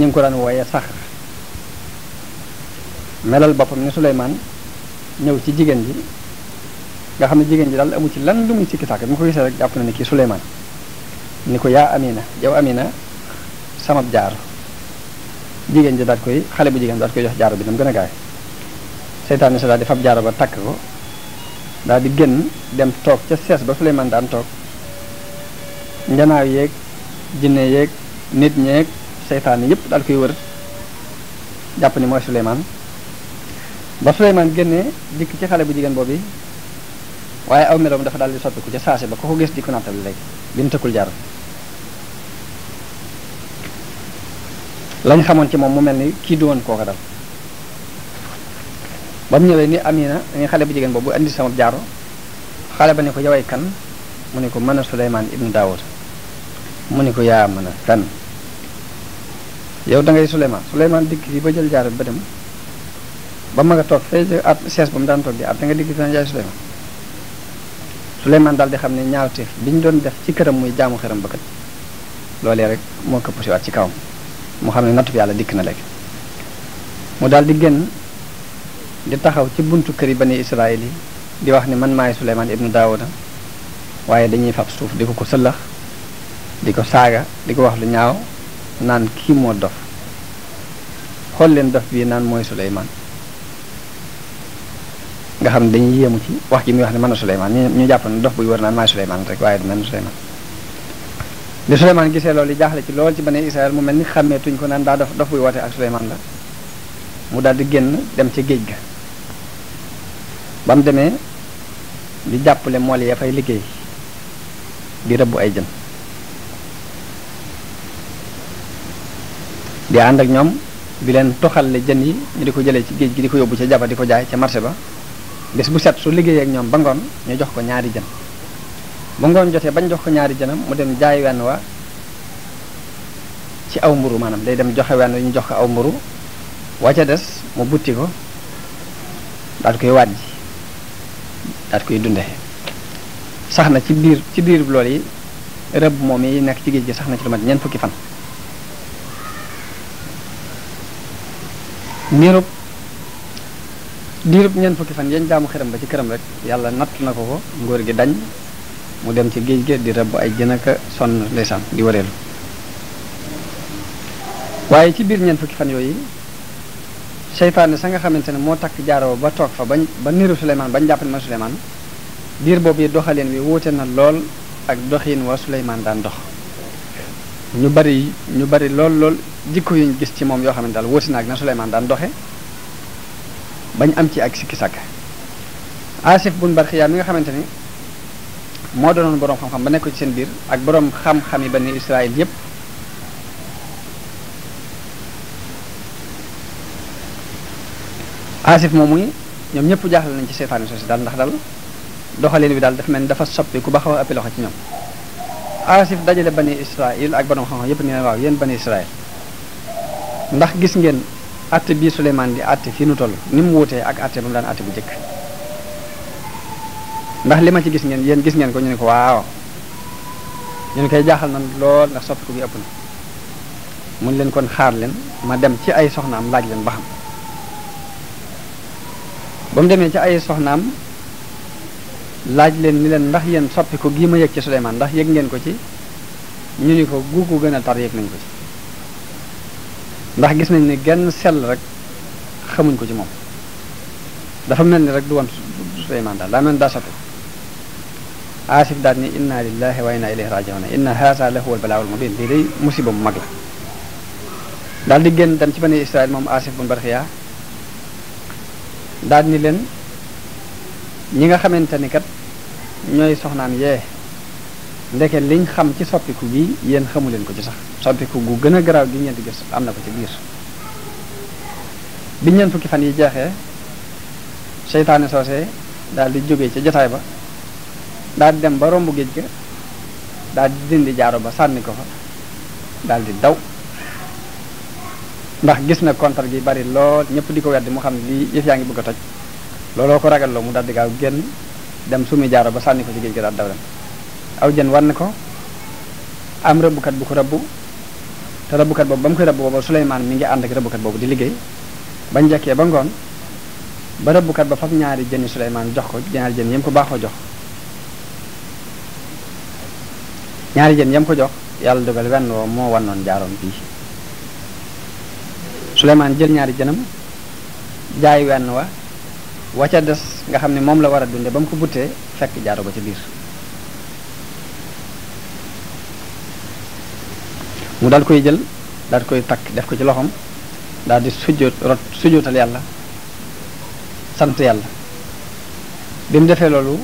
ngi ko daan wooyee sax melal boppam ni Suleymaan ñëw ci jigéen ji nga xam ne jigéen ji daal amu ci lan lu muy sikki sàkk bi mu ko gisee rek jàpp na ni kii Suleymaan ni ko yaa Amina yow Amina samab jaar jigéen ji daal koy xale bu jigéen daal koy jox jaaro bi dam gën a gaay seytaane sa daal di fab jaaro ba takk ko daal di génn dem toog ca sees ba Suleymaan daan toog njanaaw yeeg jinne yeeg nit ñeeg seytaane yépp daal koy wër jàpp ni mooy Suleymaan ba Suleymaan génnee dikk ci xale bu jigéen boobu waaye aw meloom dafa daal di ko ca saase ba ko ko gis di ko nattal léegi bi mu tëkkul jaaro lañ xamoon ci moom mu mel ni kii doon koo dal ba mu ñëwee ni amina ni xale bu jigéen boobu andi sama jaaro xale ba ne ko yaway kan mu ne ko mën a suleymaan ibnu daawud mu ne ko yaa mën a fen yow da ngay suleymaan suleymaan dikk fii ba jël jaaro ba dem ba ma nga toog fee ci at sees ba mu daan toog di at da nga dikk fii jaay suleymaan suleymaan daal di xam ne ñaawteef bi ñu doon def ci këram muy jaamu xëram bëkkat loolee rek moo wat ci kawam mu xam ne nattu bi yàlla dikk na léegi mu daal di gën di taxaw ci buntu kër yi bani israel yi di wax ni man maay suleymaan ibnu daawuda waaye dañuy fab suuf di ko ko sëllax di ko saaga di ko wax lu ñaaw naan kii moo dof xool leen dof bii naan mooy suleymaan nga xam ne dañuy yéemu ci wax ji muy wax ne man a suleymaan ñu jàpp ne dof buy wër naan maay suleymaan rek waaye du mel suleymaan bi suleymaan gisee loolu jaaxle ci lool ci bane israel mu mel ni xàmmeetuñ ko naan daa dof dofuy wate ak suleymaan la mu daal di génn dem ci géej ga ba mu demee di jàppale mool ya fay liggéey di rëbb ay jën di ànd ak ñoom di leen toxalle jën yi ñu di ko jëlee ci géej gi di ko yóbbu ca jaba di ko jaay ca marché ba bés bu set su liggéey ak ñoom ba ngoon ñu jox ko ñaari jën ba ngoon jotee bañ jox ko ñaari jënam mu dem jaay wenn wa ci aw mburu maanaam day dem joxe wenn ñu jox ko aw mburu wa ca des mu butti ko daal koy waaj daal koy dunde sax na ci biir ci biir lool yi rëbb moom yi nekk ci géej gi sax na ci lu mat ñeent fukki fan niirub diirub ñeent fukki fan yeen jaamu xëram ba ci këram rek yàlla natt na ko ko ngóor gi dañ mu dem ci géej géej di rabb ay jën aka sonn ndeysaan di wareelu waaye ci biir ñeent fukki fan yooyu seytaane sa nga xamante ne moo takk jaaroo ba toog fa bañ ba niru Suleymaan bañ jàpp ne ma Suleymaan biir boobu yi doxaleen wi wuute na lool ak doxin waa Suleymaan daan dox ñu bari ñu bari lool lool jikko yuñ gis ci moom yoo xam ne daal wuute na ak na Suleymaan daan doxe bañ am ci ak sikki sàkk Asif bun Barxiya mi nga xamante ni moo doonoon boroom xam-xam ba nekk ci seen biir ak boroom xam-xam yi bani Israël yépp asif moomu ñoom ñëpp jaaxle nañ ci seytaane soosi daal ndax dal doxalin bi daal dafa mel ni dafa soppi ku ba xaw a ëppi loxo ci ñoom asif dajale bani Israël ak boroom xam-xam yépp ne leen waaw yéen bani Israël ndax gis ngeen àtte bii Suleymaan di àtte fii nu toll ni mu wutee ak àtte ba mu daan àtte bu jëkk ndax li ma ci gis ngeen yéen gis ngeen ko ñu ne ko waaw ñu ñun koy jaaxal na lool ndax soppiku bi ëpp na mun leen kon xaar leen ma dem ci ay soxnaam laaj leen ba xam mu demee ci ay soxnaam laaj leen ni leen ndax yéen soppiku gii ma yëg ci Souleymane ndax yëg ngeen ko ci ñu ni ko gu ko gën a tar yëg nañ ko ci ndax gis nañ ni genn sell rek xamuñ ko ci moom dafa mel ni rek du woon Souleymane daal daa mel ni daa soppiku aasif daal ni inna lillahi wa inna ilayhi rajiuna inna haasa la huwa albalaaul mubin lii day musiba bu mag la daal di génn dem ci bani israil moom aasif bun barxiya daal ni leen ñi nga xamante ni kat ñooy soxnaam yee ndeke liñ xam ci soppiku gi yéen xamu leen ko ci sax soppiku gu gën a garaaw gi ngeen di gis am na ko ci biir bi ñeen fukki fan yi jeexee seytaane soosee daal di jógee ca jotaay ba dal dem ba rombu géej ga di dindi jaaro ba sanni ko fa di daw ndax gis na contre gi bari lool ñepp di ko mu xam li yef yaangi bëgg a toj looloo ko ragal lo mu dal di gaaw genn dem sumi jaaro ba sanni ko ci géej ga daal daw dem aw jën wan ko am kat bu ko rëbbu te rëbbukat kat bobu bam koy rëbb bobu Suleymaan mi ngi and ak kat bobu di liggey bañ jakké ba ngon ba kat ba fa ñaari jox ko ñaari jën ko jox ñaari jën yam ko jox yàlla dogal wenn woo moo wannoon jaaroon bii Souleymane jël ñaari jënam jaay wenn wa wa ca des nga xam ne moom la war a dunde ba mu ko buttee fekk jaaro ba ca biir mu dal koy jël dal koy takk def ko ci loxoom daal di sujjoot rot sujjootal yàlla sant yàlla bi mu defee loolu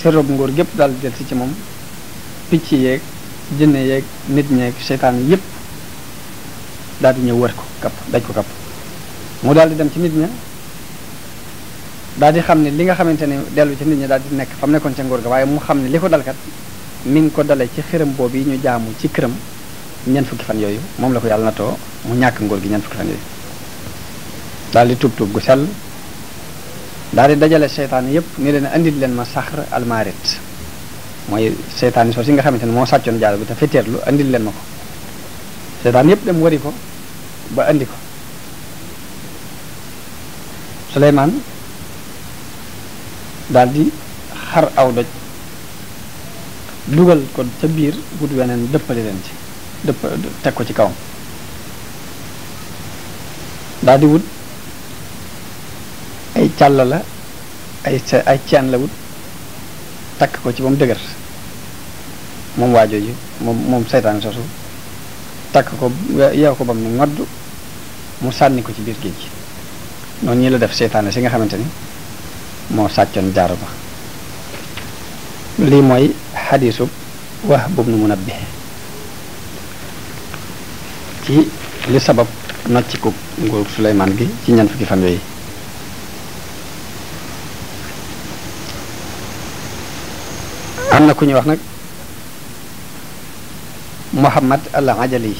séroob nguur gépp daal jël si ci moom picc yeeg jinne yeeg nit ñeeg seytaan yépp daal di ñëw wër ko kapp daj ko kapp mu daal di dem ci nit ña daal di xam ne li nga xamante ne dellu ci nit ña daal di nekk fam nekkoon ca nguur ga waaye mu xam ne li ko dalkat mi ngi ko dale ci xiram boobu yi ñu jaamu ci këram ñen fukki fan yooyu moom la ko yàlla natoo mu ñàkk nguur gi ñen fukki fan yooyu daal di tuub tuub gu sell daal di dajale seytaan yépp ni leen andil leen ma saxr almaarit mooy seytaane soo si nga xamante ne moo sàccoon jaaro bi te fetteetlu andil leen ma ko seytaan yépp dem wari ko ba indi ko Suleymaan daal di xar aw doj dugal ko ca biir wut weneen dëppale leen ci dëpp teg ko ci kawam daal di wut ay càll la ay ay ceen la wut tak ko ci mom deugar mom moom waa mom moom moom sosu tak ko yeew ko bam ni ne mu sanni ko ci bir geej non noonu ñi la def setan ci nga xamanteni mo moo jaru ba li moy hadithu wahb ibn munabbih ci li sabab ko ngol sulayman gi ci ñan fukki fan yooyu am na ku ñuy wax nag Muhammad al-Ajali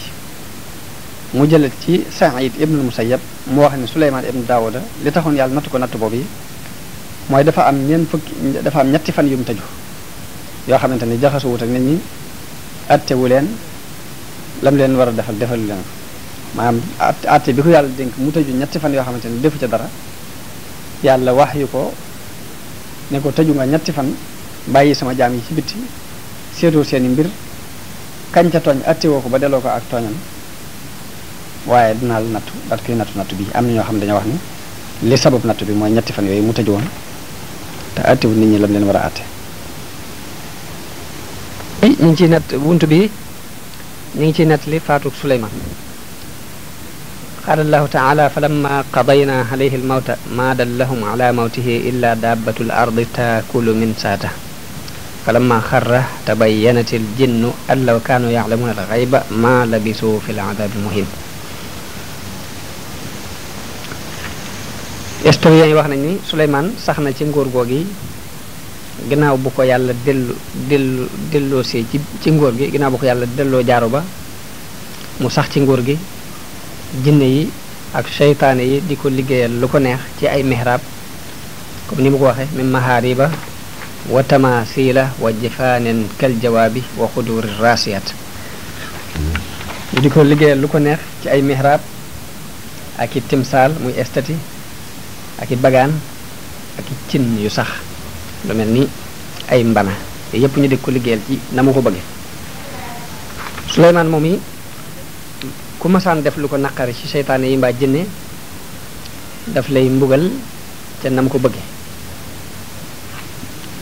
mu jëlat ci it ibnul Musayyab mu wax ne Suleymaan ibnu Daawuda li taxoon yàlla nattu ko nattu boobu yi mooy dafa am ñeent fukki dafa am ñetti fan yu mu tëju yoo xamante ni jaxasu wut ak nit ñi attewu leen lam leen war a defal defalu leen maam maanaam atte bi ko yàlla dénk mu tëju ñetti fan yoo xamante ni defu ca dara yàlla wax yu ko ne ko tëju nga ñetti fan bàyyi sama jaam yi ci bitti seetul seeni mbir kañ ca tooñ attewoo ko ba delloo ko ak tooñam waaye dinaa la nattu daal nattu bi am na ñoo xam dañoo wax li sabab nattu bi mooy ñetti fan yooyu mu tëj woon te attewul nit ñi lam leen war a atte ñu ngi ciy natt bi ñu ngi ciy natt li faatuk suleyman qaala allahu taala fa lamma qadayna alayhi almawta ma dallahum ala mawtihi illa dabbatu al ardi min saata فلما خر تبينت الجن ان لو كانوا يعلمون الغيب ما لبثوا في العذاب المهين استوي يي يعني واخنا سليمان ساخنا سي نغور غوغي غيناو بوكو يالا دل دل دلو سي سي نغور غي غيناو بوكو يالا دلو جارو با مو ساخ سي نغور غي جيني يي اك شيطان يي ديكو ليغيال لوكو نيه سي اي محراب كوم نيمكو واخه ميم محاريبا wa tamaasiila wa jifaanen kal jawaabi wa xuduri raasiyaat di ko liggéeyal lu ko neex ci ay mihraab ak i timsaal muy estati ak i bagaan ak i cin yu sax lu mel ni ay mbana yépp ñu di ko liggéeyal ci na mu ko bëgge Suleymaan moom yi ku masaan def lu ko naqari ci seytaane yi mbaa jinne daf lay mbugal ca na mu ko bëgge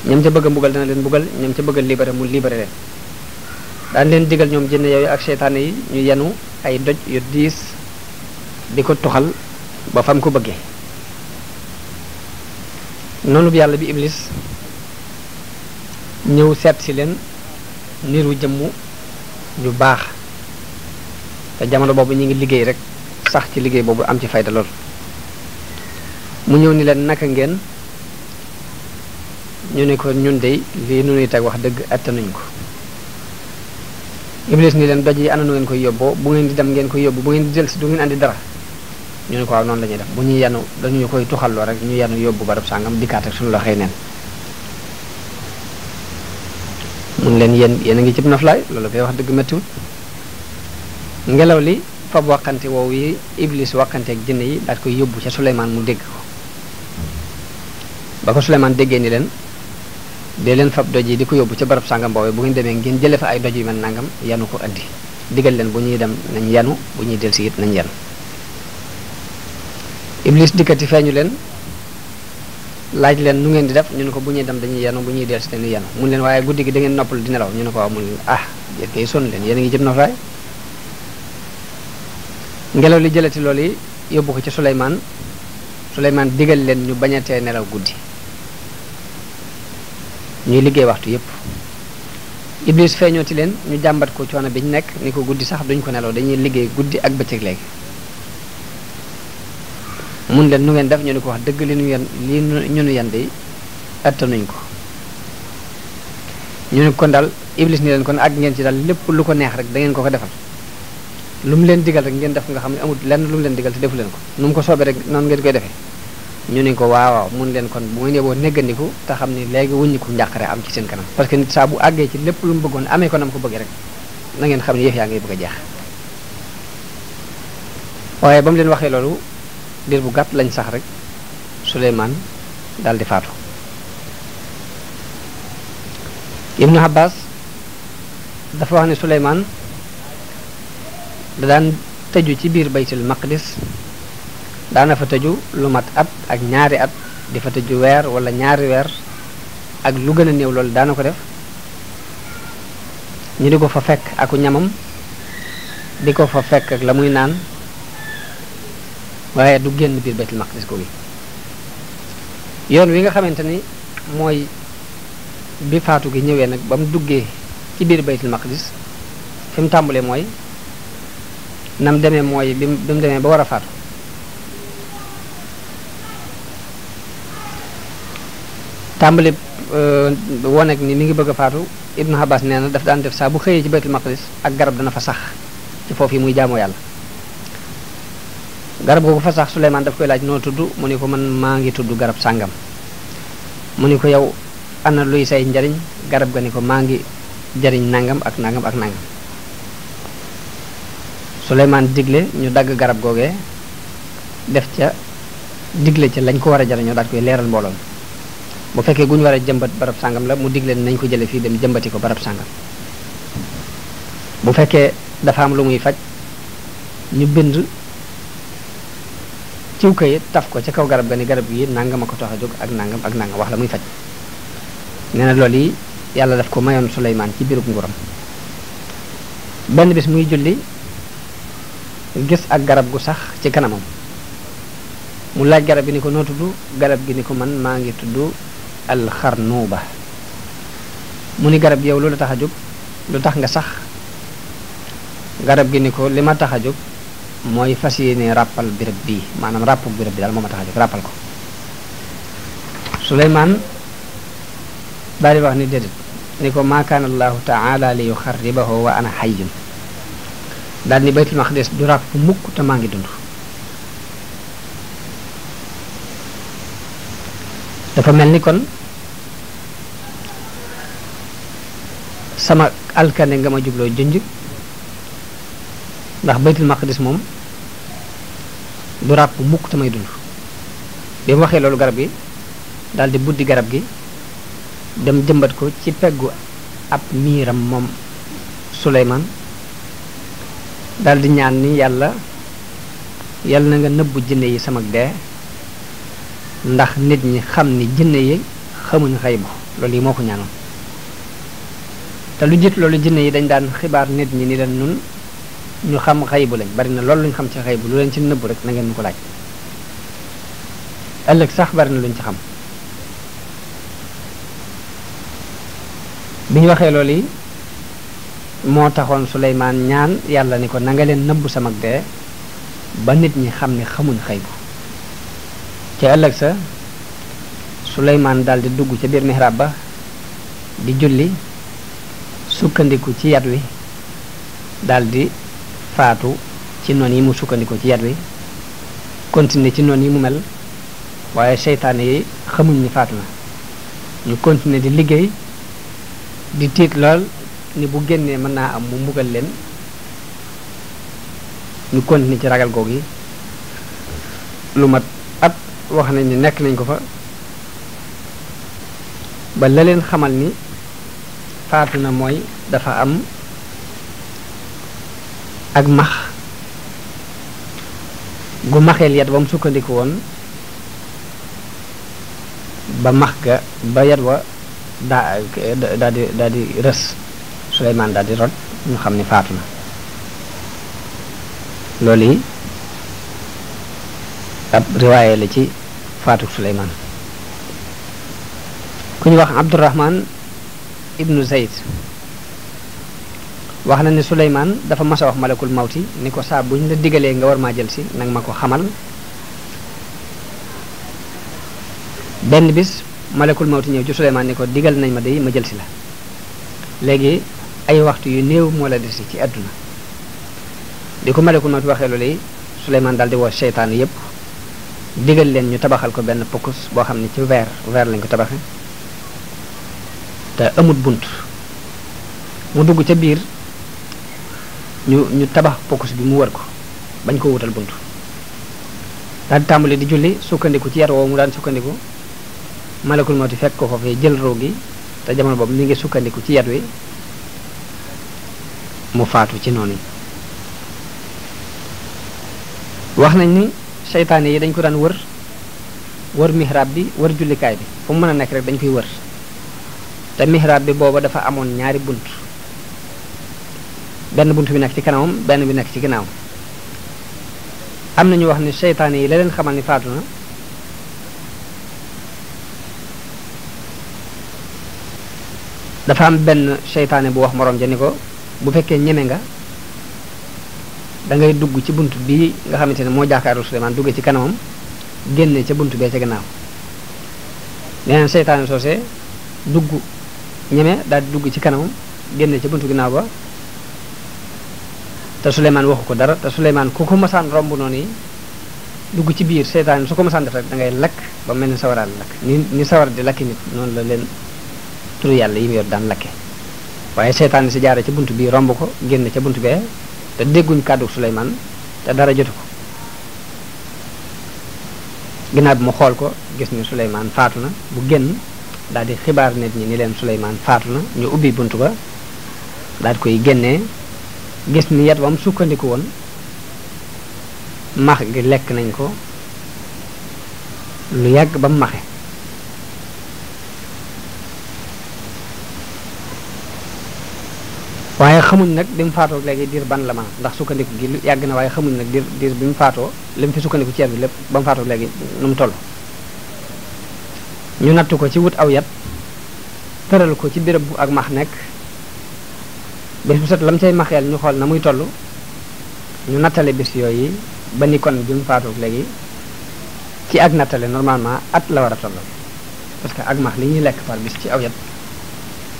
ñam ci bëgg mbugal dana leen mbugal ñam ci bëgg libéré mu libéré leen daan leen digal ñom jinn yooyu ak sheytaan yi ñu yanu ay doj yu diis diko tuxal ba fam ko nonu bi yalla bi iblis ñew set ci leen niru jëmm ñu baax te jamono bobu ñi ngi liggéey rek sax ci liggéey bobu am ci fayda lool mu ñew ni leen naka ngeen ñu ne ko ñun de li ñu nuy tag wax dëgg nañ ko iblis ni leen doj ana nu ngeen koy yobbo bu ngeen di dem ngeen koy yobbu bu ngeen di jël ci du ngeen andi dara ñu ne ko waaw noonu la def bu ñuy yanu dañu koy tuxalloo rek ñu yanu yóbbu barab sàngam dikkaat ak suñu loxee neen mun leen yéen yéen ngi cib naflaay loolu koy wax dëgg méttiwut ngelaw li fab waxante wi iblis waxante ak jinne yi daal koy yóbbu ca suleymaan mu dégg ko ba ko suleymaan déggee ni leen de len fab doji diko di ci yóbbu ca barab sàngam boobee bu ngeen démé ngeen jële fa ay doji man nangam yanu ko andi digal len bu ñuy dem nañ yanu bu ñuy del si yit nañ yanu iblis dikati fañu len laaj len nu ngeen di def ñu ko bu ñuy dem dañuy yanu bu ñuy del si dañuy yanu mun len waaye guddi gi da ngeen noppal di nelaw ñu ne ko amul mun ah yéen kay sonn leen yéen ngi jëm fay ngelaw li jëlati loli yobbu ko ci sulayman sulayman digal len ñu bañatee nelaw guddi ñuy liggéey waxtu yépp feeñoo feeñooti leen ñu jàmbat ko coono bi ñu nekk ni ko guddi sax duñ ko nelaw dañuy liggéey guddi ak bëccëg léegi mun leen nu ngeen def ñu ni ko wax dëgg li nu yen li ñu nu yen de attanuñ ko ñu ni kon daal Iblis ni leen kon àgg ngeen ci daal lépp lu ko neex rek da ngeen ko ko defal lu mu leen digal rek ngeen def nga xam ne amul lenn lu mu leen digal te defu leen ko nu mu ko soobee rek noonu ngeen koy defe ñu ne ko waaw mun leen kon bu ngeen yeboo neggandiku ta xamni legi wuñu ko njàqare am ci seen kanam parce que nit sa bu agge ci lepp lu mu bëggoon amé ko nam ko bëgg rek na ngeen xamni yef ya ngay bëgg a jeex waaye ba mu leen waxee loolu dir bu gàtt lañ sax rek suleyman daal di faatu ibnu abbas dafa wax ni suleyman da daan tëju ci biir baytul maqdis daana fa tëju lu mat at ak ñaari at di fa tëju weer wala ñaari weer ak lu gën a néew loolu daana ko def ñu di ko fa fekk aku ñamam di ko fa fekk ak la muy naan waaye du génn biir baytul maqdis ko wi yoon wi nga xamante ni mooy bi faatu gi ñëwee nag ba mu duggee ci biir baytul maqdis fi mu tàmbalee mooy nam demee mooy bi mu demee ba war a tàmbali euh, won ak ni mi ngi bëgg faatu ibnu habas neena daf daan def sa bu xëyee ci baytul maqdis ak garab dana fa sax ci fofu muy jaamoo yalla garab googu fa sax suleyman daf koy laaj no tuddu mu ko man maa ngi tudd garab sangam mu yow ana luy say njariñ garab ga ni ko maa ngi jariñ nangam ak nangam ak nangam suleyman digle ñu dagg garab goge def ca digle ca lañ ko wara jariñu daal koy leeral mbooloo bu fekkee gu ñu war a jëmbat barab sàngam la mu digle nañ ko jële fii dem jëmbati ko barab sàngam bu fekkee dafa am lu muy faj ñu bind ciw kayit taf ko ci kaw garab ga ni garab gi nangam a ko a jóg ak nangam ak nangam wax la muy faj nee na loolu yi yàlla def ko mayoon Suleymaan ci biirub nguram benn bis muy julli gis ak garab gu sax ci kanamam mu laaj garab gi ni ko noo tudd garab gi ni ko man maa ngi tudd Al kharnuba Muni garab yow lolu la lu tax nga sax garab gi ni ko li ma tax a birab bi manam ràppug birab bi dal moo rappal ko bari wax ni déedéet ni ko allahu taala li yukharribahu wa ana xayyun dal ni baytul maqdis du ràpp mukk ta mangi dafa kon sama alkane nga ma jubloo jënj ndax baytul maqdis mom du rap mukk tamay dund bi waxe waxee garab gi daldi buddi garab gi dem jëmbat ko ci peggu ab miram mom suleyman daldi di ñaan ni yalla yalla na nga neub jinne yi sama de ndax nit ñi xamni ni jinne yi xamuñ xeyma loolu moko ñaanal te lu jitt loolu jinne yi dañ daan xibaar nit ñi ni leen nun ñu xam xaybu lañ bari na loolu luñ xam ci xaybu lu leen ci nëbb rek na ngeen ko laaj ëllëg sax bari na luñ ci xam biñ waxee loolu yi moo taxoon suleymaan ñaan yàlla ni ko na nga leen nëbb sama dee ba nit ñi xam ne xamuñ xaybu ci ëllëg sa suleymaan daal dugg ca biir mihrab ba di julli sukkandiku ci yat wi daldi faatu ci noon yi mu sukkandiku ci yat wi continuer ci noon yi mu mel waaye seytaane yi xamuñ ni faatu na ñu continuer di liggéey di tiit lool ni bu génnee mën naa am mu mbugal leen ñu continuer ci ragal googu yi lu mat at wax nañ ni nekk nañ ko fa ba la leen xamal ni faatu na mooy dafa am ak max gu maxeel yat wa mu sukkandiku woon ba max ga ba yat wa daa daa di daa di rës Suleymaan daa di rot ñu xam ni faatu na loolu yi ab riwaaye la ci faatu Suleymaan ku wax Abdurahmaan ibnu zayd wax na ne suleymaan dafa mas a wax malakul mawti ni ko saa ñu la digalee nga war maa jël si nag ma ko xamal benn bis malakul mawti ñëw ci suleymaan ni ko digal nañ ma day ma jël si la léegi ay waxtu yu néew moo la desi ci àdduna bi ko malakul mawti waxee loolu yi suleymaan daal di woo seytaan yépp digal leen ñu tabaxal ko benn pokkus boo xam ne ci verre verre lañ ko tabaxee te amut bunt mu dugg ca biir ñu ñu tabax pokus bi mu war ko bañ ko wutal bunt daal tàmbali di julli sukkandiku ci yar woo mu daan sukkandiku malakul mawti fekk ko foofee jël roo gi te jamono boobu mi ngi sukkandiku ci yar wi mu faatu ci noonu wax nañ ni seytaane yi dañ ko daan wër wër mihrab bi wër jullikaay bi fu mu mën a nekk rek dañ koy wër te mihrab bi booba dafa amoon ñaari bunt benn bunt bi nekk ci kanamam benn bi nekk ci ginnaawam am na ñu wax ni seytaane yi la leen xamal ni faatu na dafa am benn seytaane bu wax moroom ja ni ko bu fekkee ñeme nga dangay dugg ci bunt bi nga xamante ne moo jàkkaarloo Suleymaan dugge ci kanamam génne ca bunt bee ca gannaaw nee seytaane soose dugg ñeme daal di dugg ci kanamam génn ca buntu ginnaaw ba te Souleymane waxu ko dara te Souleymane ku ko masaan romb noonu yi dugg ci biir seytaan su ko masaan def rek da ngay lakk ba mel ni sawaraal lakk ni ni sawar di lakki nit noonu la leen turu yàlla yi mu yor daan lakke waaye seetaan si jaare ci bunt bi romb ko génn ca bunt bee te dégguñ kàddu Souleymane te dara jotu ko ginnaaw bi mu xool ko gis ni Souleymane faatu na bu génn daal xibaar nit ñi ni leen Souleymane faatu na ñu ubbi bunt ba daal koy génnee gis ni yat wam sukkandiku woon max gi lekk nañ ko lu yàgg ba mu maxe waaye xamuñ nag bi mu faatoo léegi diir ban la ndax sukkandiku gi yàgg na waaye xamuñ nag diir diir bi mu faatoo li mu fi sukkandiku ceeb bi lépp ba mu faatoo léegi nu mu toll ñu nattu ko ci wut aw yat tëral ko ci béréb bu ak max nekk bés bu set lam cay maxeel ñu xool na muy toll ñu nattale bés yi ba ni kon bi mu léegi ci ak nattale normalement at la war a toll parce que ak max li ñuy lekk par bis ci aw yat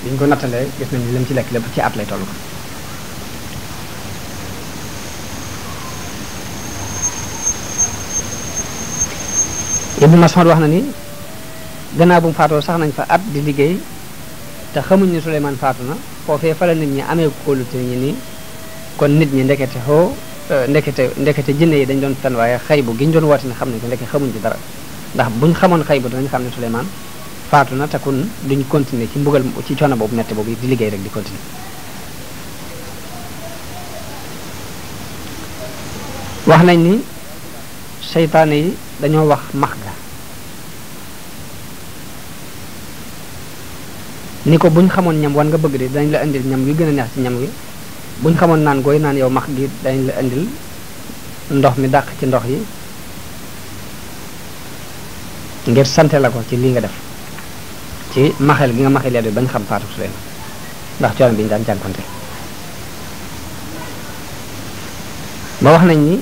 ñu ko nattale gis nañu lam ci lekk lépp ci at lay toll ko Ibnu Mas'ud wax na ni gannaaw bu mu faatoo sax nañ fa at di liggéey te xamuñ ne Suleymaan faatu na foofee fa la nit ñi amee kóolute ñi ni kon nit ñi ndekete xoo euh, ndekete ndekete jinne yi dañ doon fen waaye xaybu gi ñu doon woote ne xam nañ ko ndeke xamuñ ci dara ndax buñ xamoon xaybu dinañ xam ne Suleymaan faatu na te kun duñ continuer ci mbugal ci coono boobu métti boobu di liggéey rek di continuer wax nañ ni seytaane yi dañoo wax max ga ni ko buñ xamoon ñam wan nga bëgg de dañ la indil ñam wi gën a neex ci ñam wi buñ xamoon naan gooy naan yow max gi dañu la indil ndox mi dàq ci ndox yi ngir sante la ko ci lii nga def ci maxeel gi nga maxel yàlla bañ xam faatu su leen ndax coono bi ñu daan jànkonte ba wax nañ ni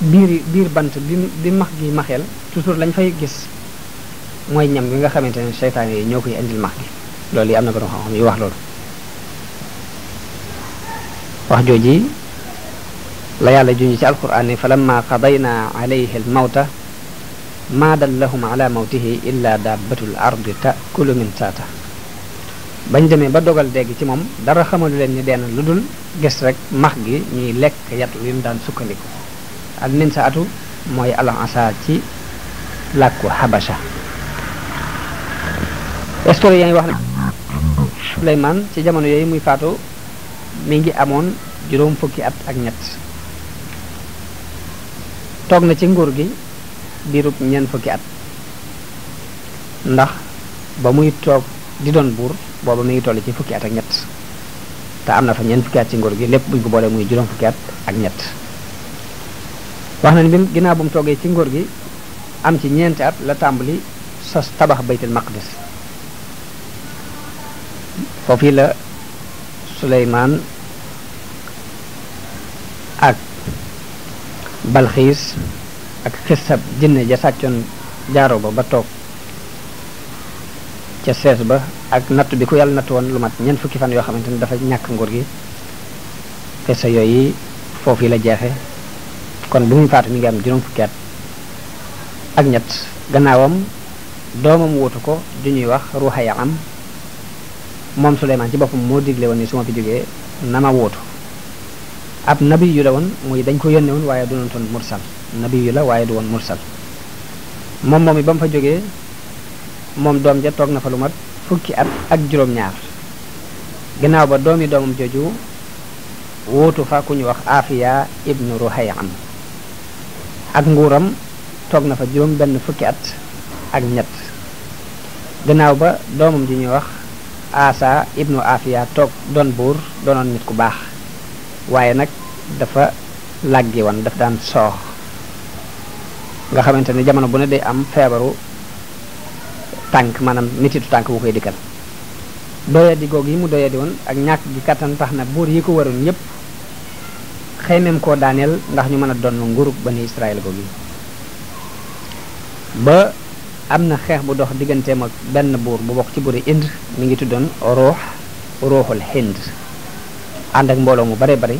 biir biir bant bi max gi maxeel toujours lañ fay gis mooy ñam gi nga xamante ne seytaane yi ñoo koy indil max gi loolu yi am na borom xam-xam yu wax loolu wax jooji la yàlla junj ci alquran ne falamma qadayna alayhi almawta ma dallahum ala mawtihi illa dabbatul ard taakulu min saata bañ demee ba dogal dégg ci moom dara xamalu leen ni deen lu dul gis rek max gi ñuy lekk yat wi daan sukkandiku al min saatu mooy al asa ci làkku habasha Es yi wax Souleymane ci jamono yooyu muy faatu mi ngi amoon juróom fukki at ak ñett toog na ci nguur gi diirub ñeen fukki at ndax ba muy toog di doon buur booba mi ngi toll ci fukki at ak ñett te am na fa ñeen fukki at ci nguur gi lépp buñ ko muy juróom fukki at ak ñett wax ni bim ginnaaw bu ci nguur gi am ci ñeenti at la tàmbali sos tabax baytul maqdis fofila la ak balxiis ak xisab jinne ja sàccoon jaaro ba ba toog ca sees ba ak natt bi ku yàlla natt woon lu mat ñeent fukki fan yoo xamante dafa ñàkk ngur gi xisa yooyu foofu la kon bi muy faatu mi ngi am juróom fukki at ak ñett gannaawam doomam ko ju ñuy wax ruuxa moom Suleymaan ci boppam moo digle woon ni su ma fi jógee na ma wóotu ab nabi yu la woon muy dañ ko yónne woon waaye du doon mursal nabi yu la waaye woon mursal moom moom yi ba mu fa jógee moom doom ja toog na fa lu mat fukki at ak juróom-ñaar gannaaw ba doomi doomam jooju wóotu fa ku ñu wax Afiya ibnu Ruhayam nguuram toog na fa fukki at ak ñett gannaaw wax asa ibnu afia tok don bur donon nit ku bax waye nak dafa laggi won daf dan so nga xamanteni Febru jamono bu ne day am tank manam maanaam tu tank bu koy doya doyadi gog yi mu di won ak ñak gi katan tax na yi ko ñep xeymem ko daniel ndax ñu mëna don nguruk bani bani israel yi ba am na xeex bu dox digganteem ak benn buur bu bokk ci buuri ind mu ngi tuddoon ruux ruuxul hind ànd ak mbooloo mu bare bari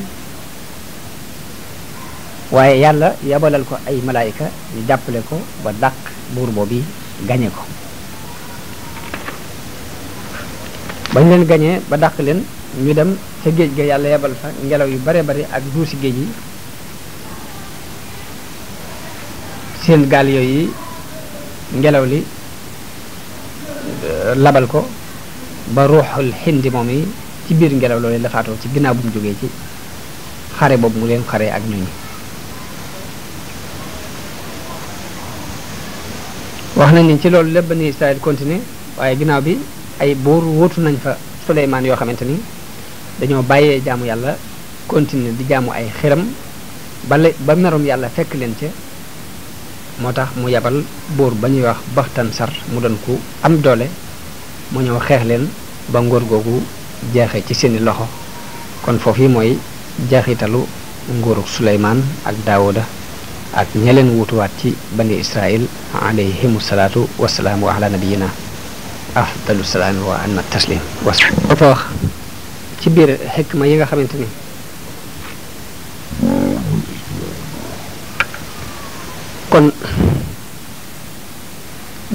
waaye yàlla yabalal ko ay malaayika ñu jàppale ko ba dàq buur boobu gañe ko bañ leen gañee ba dàq leen ñu dem ca géej ga yàlla yabal fa ngelaw yu bare bari ak duur ci géej yi seen gaal yooyu ngelaw li euh, labal ko ba ruuxul xindi moom yi ci biir ngelaw loolu la ci ginnaaw bu mu jógee ci xare boobu mu leen xare ak ñooñu wax nañ ni ci loolu lépp bani Israël continuer waaye ginnaaw bi ay buur wóotu nañ fa Suleymaan yoo xamante ni dañoo bàyyee jaamu yàlla continuer di jaamu ay xiram ba ba merum yàlla fekk leen ca moo tax mu yabal buur ba ñuy wax baxtan sar mu doon ku am doole mu ñëw xeex leen ba nguur googu jaaxee ci seeni loxo kon foofu yi mooy jaaxitalu nguurug suleymaan ak daawuda ak ña wutuwaat ci bani israil alayhimu salaatu wasalaamu ala nabiyina afdalu salaami wa anna taslim was dafa wax ci biir xikma yi nga xamante ni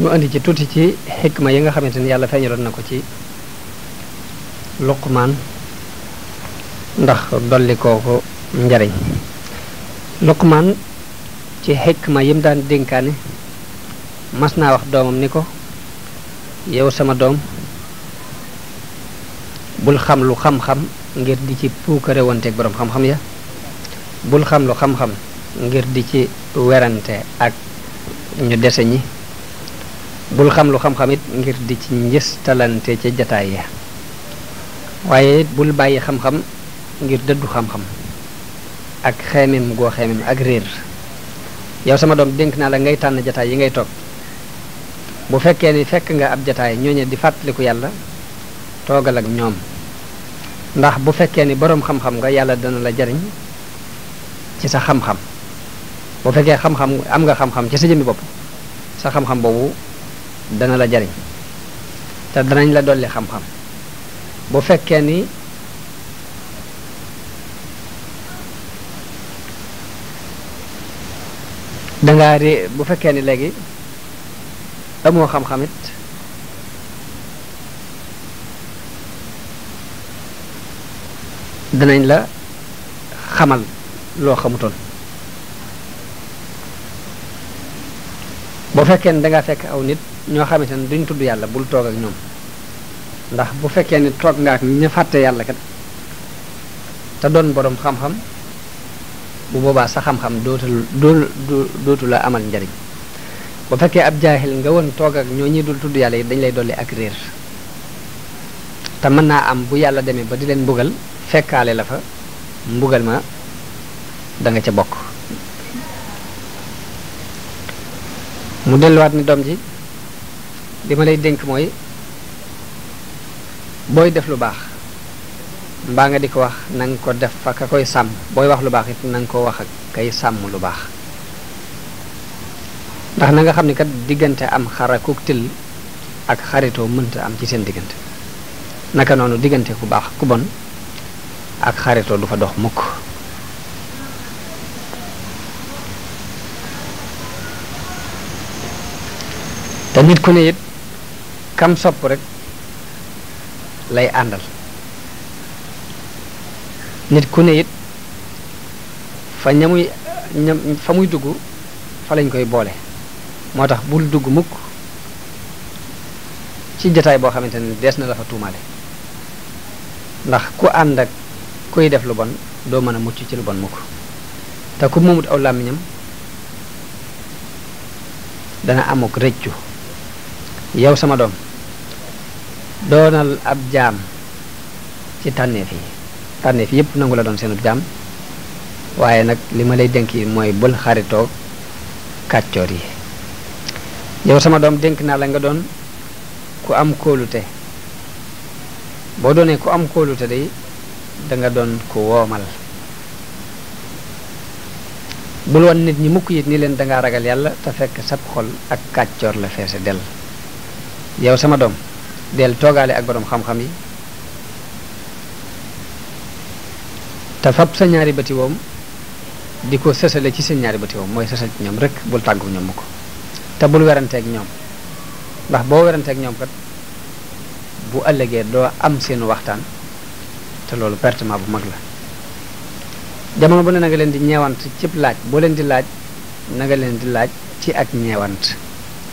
ñu indi ci tuuti ci xikma yi nga xamante ni yàlla feeñaloon na ko ci luqmaan ndax dolli kooku njariñ luqmaan ci xikma yim daan dénkaane mas naa wax doomam ni ko yow sama doom bul xam lu xam-xam ngir di ci puukare wante boroom xam-xam ya bul xam lu xam-xam ngir di ci werante ak ñu dese ñi bul xam lu xam-xam it ngir di ci njëstalante ci jataay ya waaye bul bàyyi xam-xam ngir dëddu xam-xam ak xeemim goo xeemim ak réer yow sama doom dénk naa la ngay tànn jataay yi ngay toog bu fekkee ni fekk nga ab jataay ñooñe di fàttaliku yàlla toogal ak ñoom ndax bu fekkee ni boroom xam-xam nga yàlla dana la jariñ ci sa xam-xam bu fekkee xam-xam am nga xam-xam ci sa jëmmi bopp sa xam-xam boobu dana la jariñ te danañ la dolli xam-xam bu fekkee ni dangaa ré bu fekkee ni léegi amoo xam-xam danañ la xamal loo xamutoon bu fekkee ne dangaa fekk aw nit ñoo xamante ne duñ tudd yàlla bul toog ak ñoom ndax bu fekkee ne toog nga ak ñu fàtte yàlla kat te doon boroom xam-xam bu boobaa sa xam-xam dootul dootu la amal njariñ bu fekkee ab jaahil nga woon toog ak ñoo ñi dul tudd yàlla yi dañ lay dolli ak réer te mën naa am bu yàlla demee ba di leen mbugal fekkaale la fa mbugal ma da ca bokk mu delluwaat ni doom ji li ma lay dénk mooy booy def lu baax mbaa nga di ko wax na nga ko def fa ka koy sàmm booy wax lu baax it na koo wax ak kay sàmm lu baax ndax na nga xam ni kat diggante am xarakuk til ak xaritoo mënta am ci seen diggante naka noonu diggante ku baax ku bon ak xaritoo du fa dox mukk te nit ku ne it kam sopp rek lay àndal nit ku ne it fa ñamuy ñam fa muy dugg fa lañ koy boole moo tax bul dugg mukk ci jataay boo xamante ne dees na la tuumaale ndax ku ànd ak kuy def lu bon doo mën a mucc ci lu bon mukk te ku moomut aw làmmiñam dana amuk rëccu yow sama doom doonal ab jaam ci tànneef yi tànneef yépp nangu la doon seenub jaam waaye nag li ma lay dénk yi mooy bul xaritoo kàccoor yi yow sama doom dénk naa la nga doon ku am kóolute boo doonee ku am kóolute day danga doon ku woomal bul wan nit ñi mukk yit ni leen dangaa ragal yàlla te fekk sab xol ak kàccoor la feese del yow sama doom del toogaale ak borom xam-xam yi te fab sa ñaari bëti di ko sësale ci seen ñaari bëti mooy sësal ci ñoom rek bul tàggu ñoom mu ko te bul weranteeg ñoom ndax boo weranteeg ñoom kat bu ëllëgee doo am seenu waxtaan te loolu pertement bu mag la jamono ba ne na leen di ñeewant cib laaj boo leen di laaj na leen di laaj ci ak ñeewant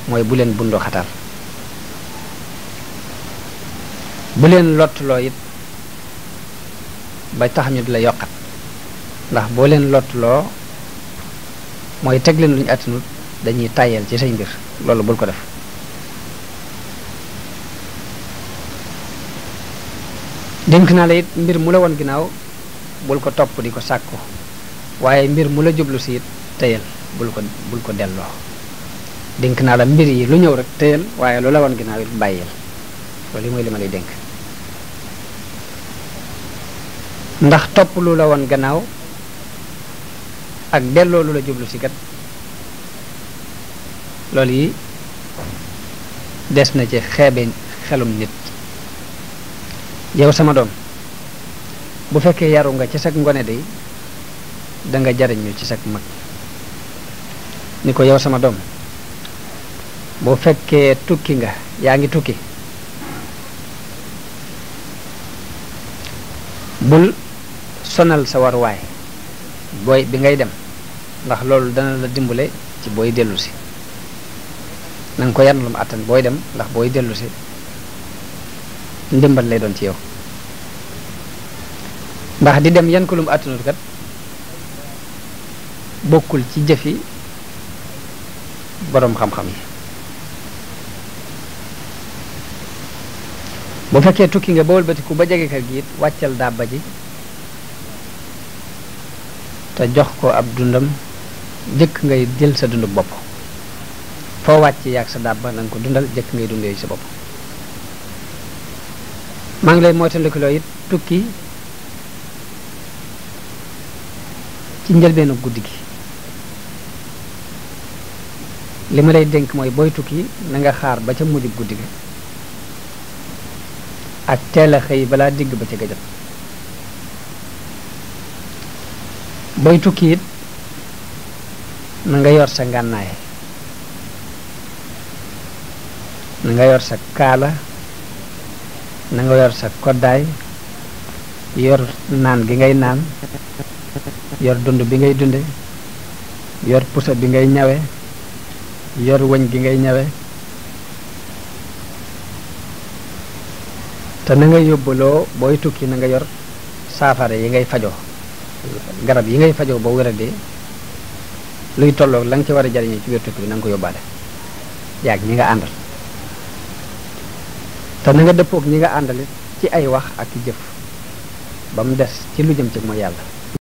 mooy bu leen bundoo xatal bu lot lo it ba tax ñu di la yokkat ndax boo leen lo mooy teg leen luñ attinut dañuy tàyyeel ci say mbir loolu bul ko def dénk naa la it mbir mu la won ginaaw bul ko topp di ko sàkku waaye mbir mu la jublu si it tëyal bul ko bul ko delloo dénk naa la mbir yi lu ñëw rek tëyal waaye lu la won ginaaw it bàyyil loolu mooy li ma ndax topp lu la woon gannaaw ak delloo lu la jublu si kat loolu des na ci xelum nit yow sama doom bu fekkee yaru nga ci sag ngone day da nga jariñu ci sag mag ni yow sama doom bu fekkee tukki nga yaa tukki bul sonal sa waruwaay booy bi ngay dem ndax loolu dana la dimbale ci booy dellusi si ko yan lu mu àttan booy dem ndax booy dellu si ndimbal lay doon ci yow ndax di dem yan ko lu àttanut kat bokkul ci jëfi boroom xam-xam yi bu fekkee tukki nga ba wëlbatiku ba jege kër gi wàccal dàbba ji te jox ko ab dundam jëkk ngay jël sa dundu bopp foo wàcc yaag sa dàbba na ko dundal jëkk ngay dundee sa bopp maa ngi lay moytandiku it tukki ci njëlbeenu guddi gi li ma lay dénk mooy booy tukki na nga xaar ba ca mujj guddi gi ak teel a xëy balaa digg ba ca gëjëm booy tukki it nga yor sa ngànnaay na nga yor sa kaala nanga yor sa koddaay yor naan gi ngay naan yor dund bi ngay dunde yor pusa bi ngay ñawe yor wëñ gi ngay ñawe te na nga yóbbaloo booy tukki na nga yor saafara yi ngay fajoo garab yi ngay fajoo ba wéradee luy tolloog la nga ci war a jariñoo ci wetu tukki bi na nga ko yóbbaale yaag ñi nga àndal te na nga dëppoog ñi nga àndale ci ay wax ak jëf ba mu des ci lu jëm ci mooy yàlla